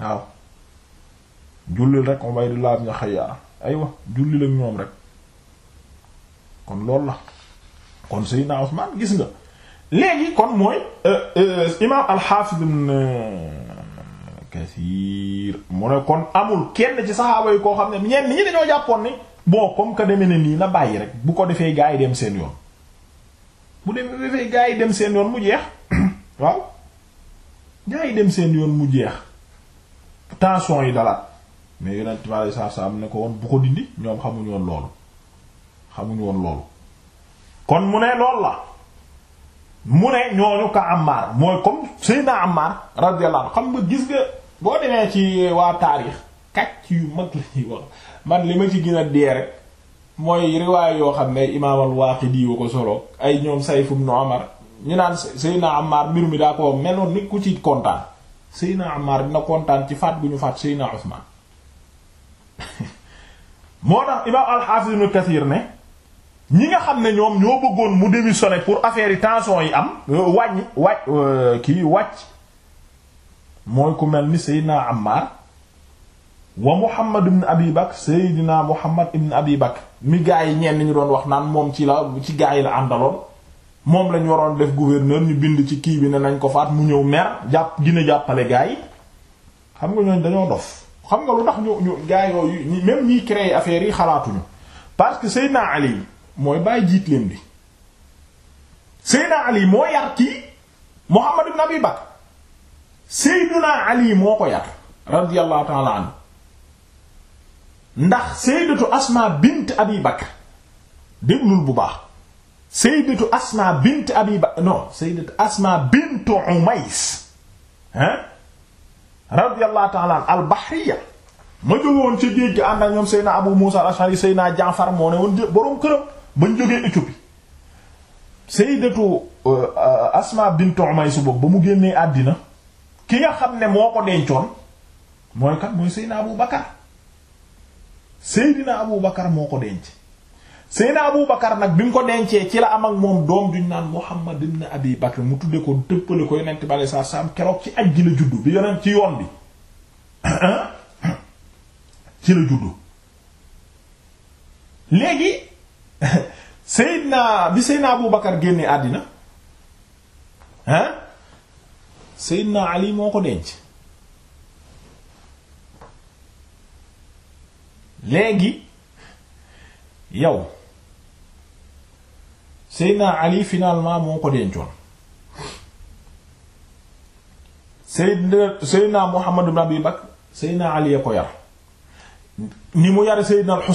waaw jullil rek Ubaydullah ibn Xayyaar aywa jullil ak ñoom rek kon loolu la kon Seydina Usmaan gis nga léegi kon mooy euh, euh, imaam al-Haafid ibn Kasiir mu ne kon amul kenn ci saxaaba yi koo xam ne ñenn ñi dañoo jàppoon ni boo comme que deme na nii na bàyyi rek bu ko defee gaa yi dem seen yoon bu defee gaa yi dem seen yoon mu jeex waaw gaa yi dem seen yoon mu jeex tension yi dalaat mais yonent bi sallallahu alayhi wasallam ne ko woon bu ko dindi ñoom xamuñoon loolu xamuñ woon loolu kon mu ne loolu la mu ne ñooñu ko Ammar mooy comme Seydina Ammar radiyallahu anhu xam nga gis nga boo demee ci waa taarix kàcc yu mag la wax man li ma ci gën a dee rek mooy riwaay yoo xam ne imaam al-Waaqidi wa ko solo ay ñoom Sayf ibn Umar ñu naan Seydina Ammar mbir mi daa ko meloon nit ku ci kontaan Seydina Ammar dina kontaan ci faat bu ñu faat Seydina Usmaan moo tax imaam al-Haafiz ibn ne ñi nga xam ne ñoom ñoo bëggoon mu démissionner pour affaire yi tension yi am euh, wàññi wàcc euh, kii wàcc mooy ku mel ni Seydina Ammar wa Muhammad ibn Abi Bakr Seydina Muhammad ibn Abi Bakr mi gaa yi ñenn ñu doon wax naan moom ci la ci gaa yi la àndaloon moom lañu waroon def gouverneur ñu bind ci kii bi ne nañ ko faat mu ñëw mer jàpp gina jàppale gaa yi xam nga ñooñ dañoo dof xam nga lu tax ñu ñu gaa yooyu même ñiy créer affaire yi xalaatuñu parce que Seydina Ali mooy bàyyi jiit leen bi Seydina Ali moo yar kii Muhammad ibn Abi Bakr Seydina Ali moo ko yar radiyallahu ta'ala anhu ndax Sayyidatu Asma bint Abi Bakr déglul bu baax Sayyidatu Asma bint Abi Bakr non Sayyidatu Asma bint Umays hein radiyallahu ta'ala al-Bahriya ma jógoon ca géej gi ànd ak ñoom Seydina Abu Musa al-Ash'ari Seydina Jaafar moo ne woon borom këram bañ jógee Éthiopie sayyidatu euh, euh, Asma bint Umays boobu ba mu génnee àddina ki nga xam ne moo ko dencoon mooy kan mooy Seydina Abu Bakar Seydina Abu Bakar moo ko denc Seydina Abu Bakar nag bi mu ko dencee ci la am ak moom doom duñ naan mu Muhammad ibn Abi Bakr mu tudde ko tëppale ko yonent bi aleyhi salaatu am keroog ci aj gi la juddu bi yonent ci yoon bi ci la juddu léegi Seydina bi Seydina Abu Bakar génne àddina hein Seydina Ali moo ko denc léegi yow Seydina Ali finalement moo ko dencoon Seydina Seydina Muhammad ibn Abi Bakr Seydina Ali a ko yar ni mu yare Seydina al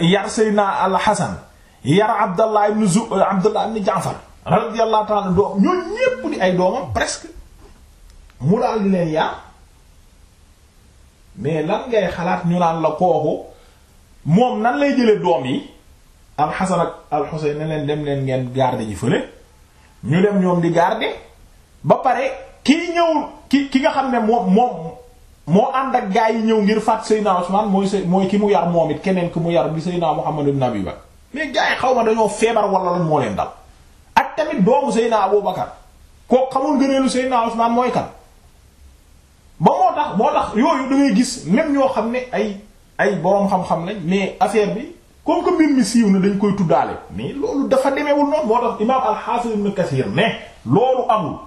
yar Seydina al Hasan yar Abdallah ibn Zu Abdallah ibn Jaafar radiyallahu ta'ala doom ñépp di ay doomam presque mu daal di leen yar mais lan ngay xalaat ñu laal la kooku moom nan lay jële doom yi al Hasan ak al Husayn ne leen dem leen ngeen garde ji fële ñu dem ñoom di garde ba pare kii ñëw ki ki nga xam ne moom moom moo ànd ak gaa yi ñëw ngir faat Seydina Usman mooy sa mooy ki mu yar moom it keneen ki mu yar bi Seydina Muhammad ibn Abi Bakr mais gaa yi xaw ma dañoo feebar wala lan moo leen dal ak tamit doomu Seydina Abu Bakar koo xamul gëneelu Seydina Usman mooy kan ba gis même xam ne ay ay boroom xam-xam lañ affaire bi comme mbir mi siiw na dañ koy tuddaale mais dafa demeewul noonu moo loolu amul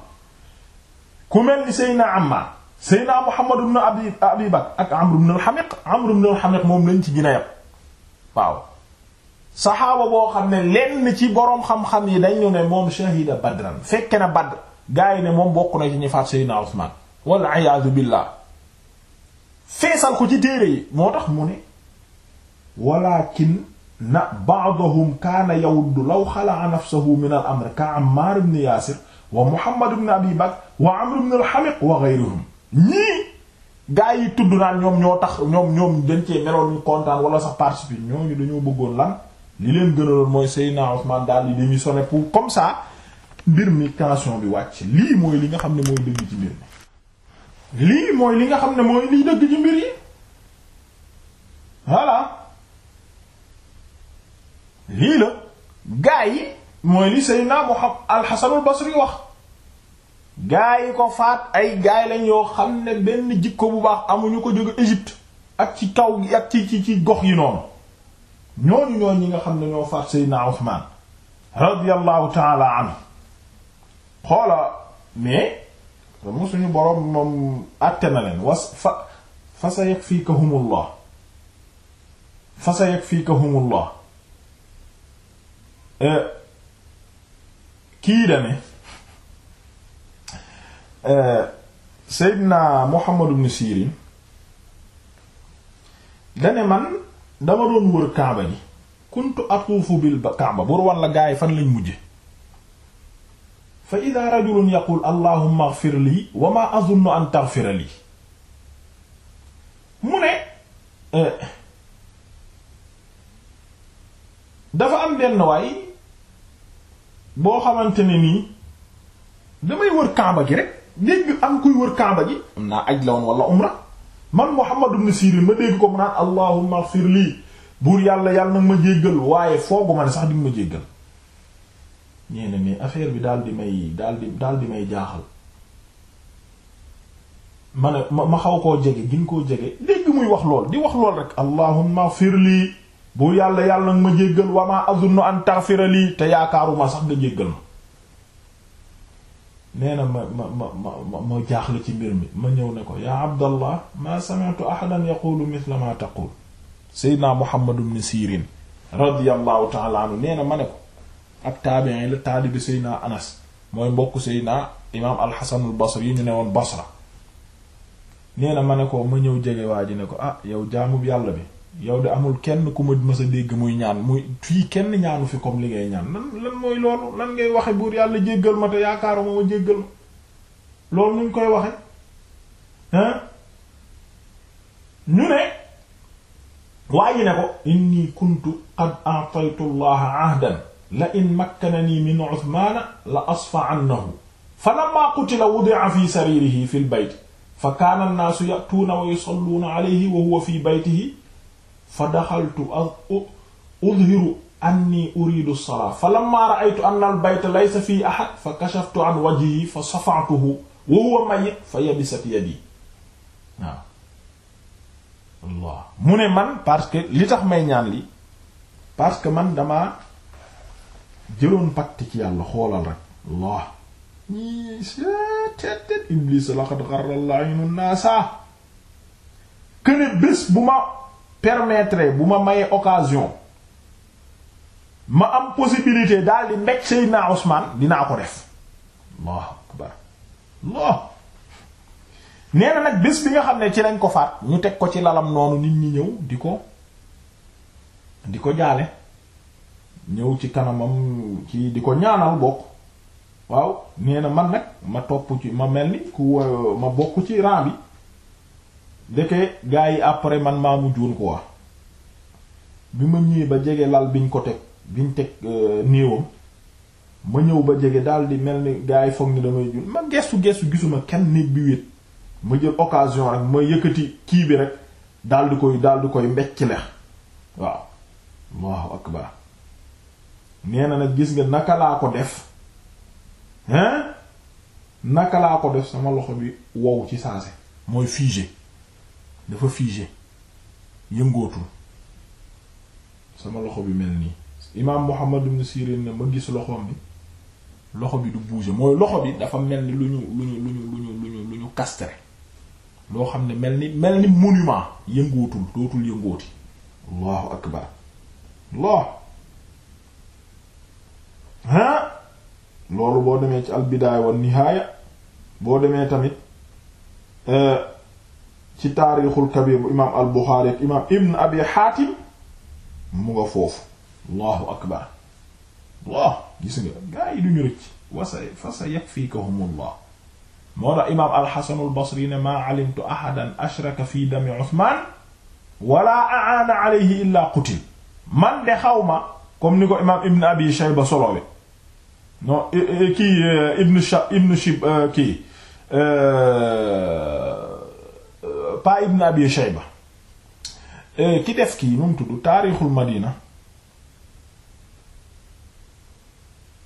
Seydina Muhammad ibn Abi Abi Bakr ak Amr ibn al-Hamiq Amr ibn al-Hamiq moom lañ ci gina yam waaw saxaaba boo xam ne lenn ci boroom xam-xam yi dañu ne moom shahida badran fekke na Badr gaa yi ne moom bokk na ci ñi faat Seydina Usmaan walla iyaadu billaah feesal ko ci téere yi moo tax mu ne walakin na ba'dahum kaana yawuddu law xala'a nafsahu min al-amr ka Ammaar ibn Yaasir wa Muhammad ibn Abi Bakr wa Amr ibn al-Hamiq wa ghayrihim ñii gaa yi tudd naan ñoom ñoo tax ñoom ñoom dañ cee meloon ñu kontaan wala sax participer ñooñu dañoo bëggoon lan li leen gënaloon mooy naa Ousmane daal di démissionner pour comme ça mbir mi tension bi wàcc lii mooy li nga xam ne mooy dëgg ci mbir mi li nga xam ne mooy liy dëgg ci mbir yi voilà lii la gaa yi mooy li Seydina Muhammad al-Hasan al-Basri wax. gaa yi ko faat ay gaay lañ yoo xam ne benn jikko bu baax amuñu ko jóge Égypte ak ci taw gi ak ci ci gox yi noonu ñooñu ñooñu ñi nga xam ne ñoo faat Seydina Usmaan radiyallahu ta'ala anhu xoola mais damu suñu boroom moom àtte na leen was fa fa sa yakfikahumullah fa sa yakfikahumullah eh, kii dane Euh, Seydina Muhammad ibn Sirin dane man dama doon wër Kaaba ji kuntu atuufu bil Kaaba bur wan la gaa yi fan lañ mujje fa ida rajulun yaqul allahumma ighfir lii wa ma azunnu an taghfira lii mu ne euh, dafa am benn waay boo xamante ne nii damay wër Kaaba gi rek dégg am kuy wër kaaba gi am naa aj la woon wala umra man Muhammad ibn Sirin ma dégg ko mu naan allahumma ighfir lii buur yàlla yàlla nag ma jéggal waaye foogu ma sax di ma jéggal bi daal di may daal daal di may jaaxal ma ne koo jege gin koo jege muy wax lool di yàlla yàlla nag ma wa ma azunnu an taghfira lii te yaakaaruma sax nga jéggal ma nee na ma ma ma ma ma jaaxle ci mbir mi ma ñëw ne ko ya abdallah ma sami'tu ahadan yaqulu mithla ma taqul seydna muhammad ibn sirin radiyallahu ta'ala anhu ma ne ko ab taabi'i anas mooy mbokk seydna imaam al-hasan yi ñu ne woon basra nee ma ne ko ma ñëw jege waa ji ne ko ah yow jaamub yàlla bi yow de amul kenn ku ma mës dégg muy ñaan muy fii kenn ñaanu fi kom li ngay ñaan lan lan mooy loolu lan ngay waxe buur yàlla jéggal ma te yaakaaruma ma jéggal ma loolu nuñ koy waxe hein ñu ne waa ne ko inni kuntu qad a'taytu allaha ahdan la in makkanani min uthmana la asfa annahu fa lamma qutila wudi'a fi saririhi fi al fa kana an-nasu ya'tuna wa yusalluna alayhi wa huwa fi baytihi fa daxaltu udhiru anni uridu as-salaa fa lamma ra'aytu anna al-bayta laysa ahad fa kashaftu an wajhi fa safa'tuhu wa huwa mayyit fa yabisat yadi waaw mu ne man parce que li tax may ñaan li parce que man damaa jëloon pacte yàlla xoolal rek Allah ñii seet Iblis laqad gharra bu ma permettre bu ma mayee occasion ma am possibilité daal di mbéj Seydina Ousmane dinaa ko def Allahu akbar Allah nee na nag bés bi nga xam ne ci nañ ko faat ñu teg ko ci lalam noonu nit ñi ñëw di ko di ko jaale ñëw ci kanamam ci di ko ñaanal bokk waaw nee na man nag ma topp ci ma mel ni ku ma bokk ci rang bi ndeke gaa yi après man maa ko quoi bi ma ñëwee ba jege lal biñ ko teg biñ teg euh, néewam ma ñëw ba jege daal di mel ni gaa yi foog ni damay jul ma gestu gestu gisuma kenn néeg bi wéet ma jël occasion rek ma yëkkati kii bi rek daal di koy daal di koy mbecc lex waaw Allahu akbar nee na nag gis nga naka laa ko def hein naka laa ko def sama loxo bi wow ci saase mooy figé dafa figé yëngootul sama loxo bi mel nii imaam Muhammad ibn Sirin ne ma gis loxoom bi loxo bi du bouger mooy loxo bi dafa mel ni lu ñu lu ñu lu ñu lu ñu lu ñu lu ñu castré loo xam ne mel ni mel ni monument yëngootul dootul yëngooti allahu akbar allah ha loolu boo demee ci al bidaaya wan nihaaya boo demee tamit euh, ci taarixul kabir bu imaam al buxaari ak imaam ibn abi xaatim mu nga foofu allahu akbar allah gis nga gaa yi duñu rëcc wasa fa sa yakfikahum allah moo tax imaam alxasanu albasri ne maa alimtu ahadan ashraka fi dami usman wala aana alayhi illa qutil man de xawma comme ni ko imaam ibn abi shayba solowe non eh, eh, kii eh, ibn shab ibn shib kii pa ibn abi shayba eh, ki def kii nu mu tudd taarixul madina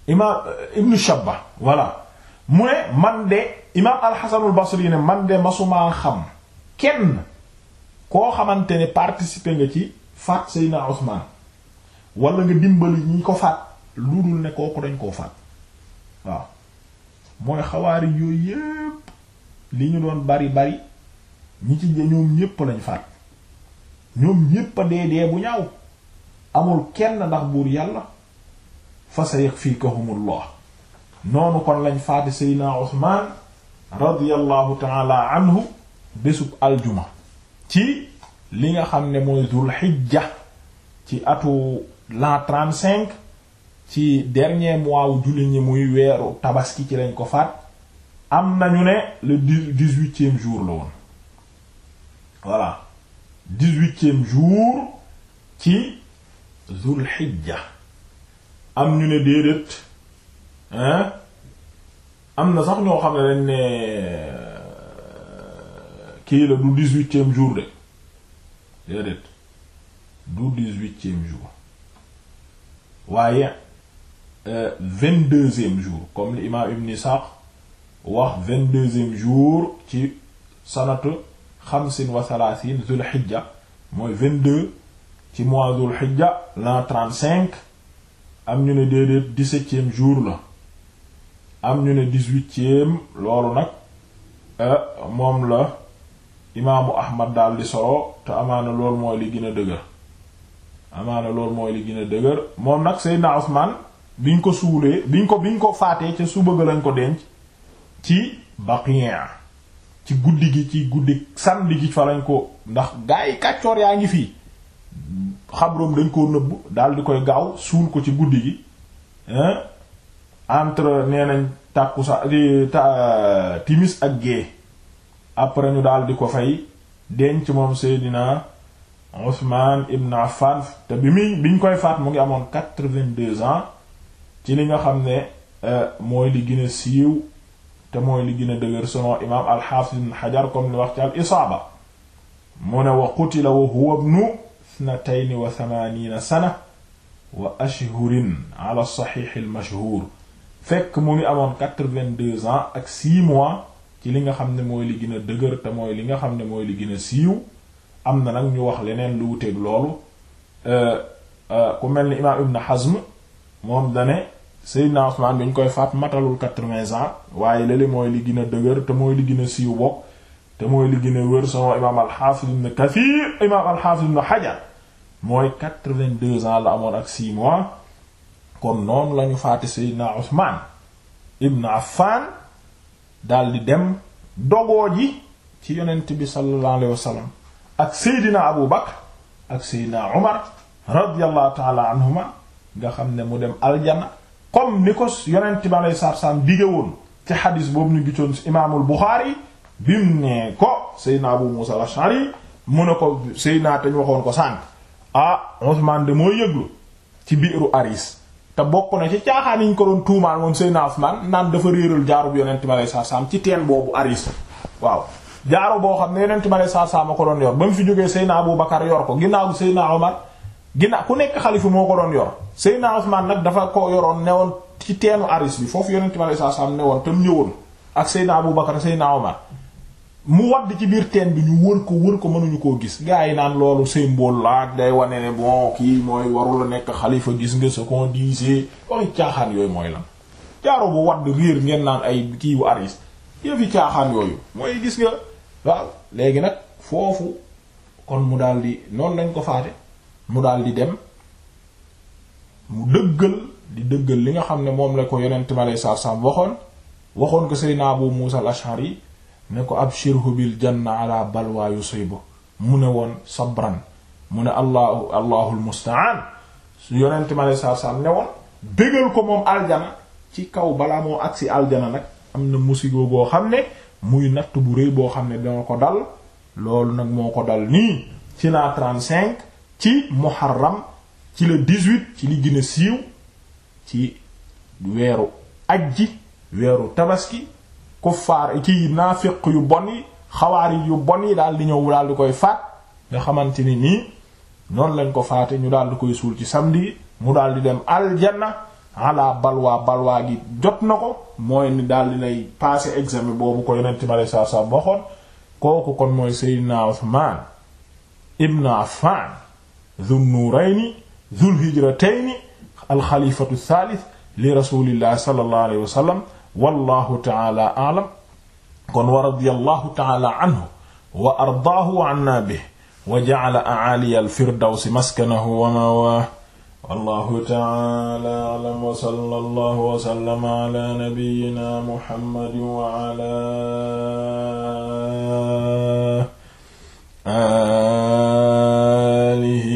imaam eh, ibnu shabba voilà mu ne man de imaam alxasanul basri ne man de masumaa xam kenn koo xamante ne participer nga ci faat seydna usman wala nga dimbali ñi ko faat lu dul ne kooku dañ koo faat waaw mooy xawaari yooyu yépp li ñu doon bari bari ñi ci ñoom ñépp lañ faat ñoom ñépp a dee dee bu ñaaw amul kenn ndax buur yàlla fa sa yakfikahumullah noonu kon lañ faati seydna Usmaan radiyallahu taala anhu bésub aljuma ci li nga xam ne mooy dul xijja ci atu l'an trente ci dernier mois wu jullit ñi muy weeru tabaski ci lañ ko faat am nañu ne le dix-huitième jour la woon voilà dix-huitième jour ci zul xijja am ñu ne déedéet hein am na sax ñoo xam ne dañ ne euh, kii la du dix-huitième jour de déedéet du dix-huitième jour waaye euh, vingt-deuxième jour comme l'imam Ibn Sa'd wax vingt-deuxième jour ci sanatu xamsin wa thalathin zul xijja mooy vingt-deux ci mois zul xijja l'an trente-cinq am ñu ne déedéet dix-septième jour la am ñu ne dix-huitième loolu nag euh, moom la imaamu ahmad daal di solo te amaana loolu mooy li gën a dëgër amaana loolu mooy li gën dëgër moom nag Seydina Usmaan biñ ko suulee biñ ko biñ ko faatee ca suba ga lañ ko denc ci Baqiya ci guddi gi ci guddi samedi gi fa lañ ko ndax gaa yi kàccoor yaa ngi fii xabroom dañ koo nëbb daal di koy gaaw suul ko ci guddi gi entre nee nañ tàkku sa timis ak gée après ñu daal di ko fay denc moom naa Ousmane Ibn Affan te bi muy biñ koy faat mu ngi amoon quatre-vingt-deux ans ci li nga xam ne euh, mooy li gën a siiw te mooy li gën a dëgër selon imaam al-Hafiz ibn Hajar comme li wax ci al-Isaaba mu ne wa qutila wa huwa ibnu ithnatayni wa wa ashhurin ala mu ngi amoon quatre-vingt-deux ans ak six mois ci li nga xam ne mooy li gën li nga xam ne mooy li gën siiw am na nag ñu wax leneen lu wuteeg loolu euh, euh, ku mel ni imaam Ibn Hazm moom dane Seydina Usmaan bi ñu koy faat matalul quatre-vingts ans waaye lële mooy li gën a dëgër te mooy li gën a siiw bokk te mooy li gën wër sama imaam al ibn Kathir imaam al ibn Hajar mooy quatre-vingt-deux ans la amoon ak six mois kon noonu lañu faate Seydina Usmaan ibn Affan dal di dem dogoo ji ci yonent bi sallallahu alayhi ak Seydina Abu Bakr ak Seydina Umar radiyallahu ta'ala anhuma nga xam ne mu dem aljana comme ni ko yonent bi aleyhi salaatu salaam dige woon ci xadis boobu ñu gisoon ci imaamul Buxaari bi mu nee ko Seydina bu Muusa al-Ash'ari mu ne ko Seydina te ñu waxoon ko sànq ah Usmaan de moo yëglu ci biiru Aris te bokk na ci caaxaan yi ñu ko doon tuumaal moom Seydina Usmaan naan dafa réeral jaarub yonent bi aleyhi salaatu salaam ci teen boobu Aris waaw jaaru boo xam ne yonent bi aleyhi salaatu a ko doon yor ba mu fi jógee Seydina Abu Bakar yor ko ginnaaw Seydina Omar. ginnaaw ku nekk xalifa moo ko doon yor Seydina Usmaan nag dafa ko yoroon newoon ci teenu aris bi foofu yonent bi alayhi salaam newoon tam ñëwoon ak Seydina Abu Bakar Seydina Omar mu wadd ci biir teen bi ñu wër ko wër ko mënuñu koo gis gars yi naan loolu symbole la ak day wane ne bon kii mooy warul nekk xalifa gis nga ce qu'on caaxaan yooyu mooy lan jaaro bu wadd réer ngeen naan ay kii wu aris yëfi caaxaan mooy gis nga waaw léegi nag foofu kon mu daal di noonu lañ ko faate mu daal di dem mu dëggal di dëggal li nga xam ne moom la ko yonent ma lay sarsam waxoon waxoon ko Seydina Abu Musa al ne ko ab bil janna ala balwa yusibu mu ne woon sabran mu ne allahu allahul musta'an su yonent ma sarsam ne woon dëggal ko moom aljana ci kaw balaa moo agsi aljana nag am na musigo boo xam ne muy natt bu rëy boo xam ne dana ko dal loolu nag moo ko dal nii ci la 35 ci muharram ci le 18 ci li siiw ci weeru ajji weeru tabaski kuffaar ci naafiq yu bon yi xawaari yu bon yi daal di ñëw daal di koy faat nga xamante ni nii noonu lañ ko faate ñu daal di koy suul ci samedi mu daal di dem aljanna ala balwaa balwaa gi jot na ko mooy ni daal di lay passer examen boobu ko yonent ma lay saa saa waxoon kooku kon mooy Seydina Usmaan ibn Affan dhul nuurayni dhul hijratayni alxalifatu thalith li rasulillahi sallallahu alayhi wa sallam wallahu taala aalam kon wa radiyallahu taala anhu wa ardaahu wa anna bihi wa ja'ala a'aliya al-firdawsi maskanahu wa ma'waahu wallahu ta'ala a'lam wa sallallahu wa sallama ala nabiyyina muhammadin wa ala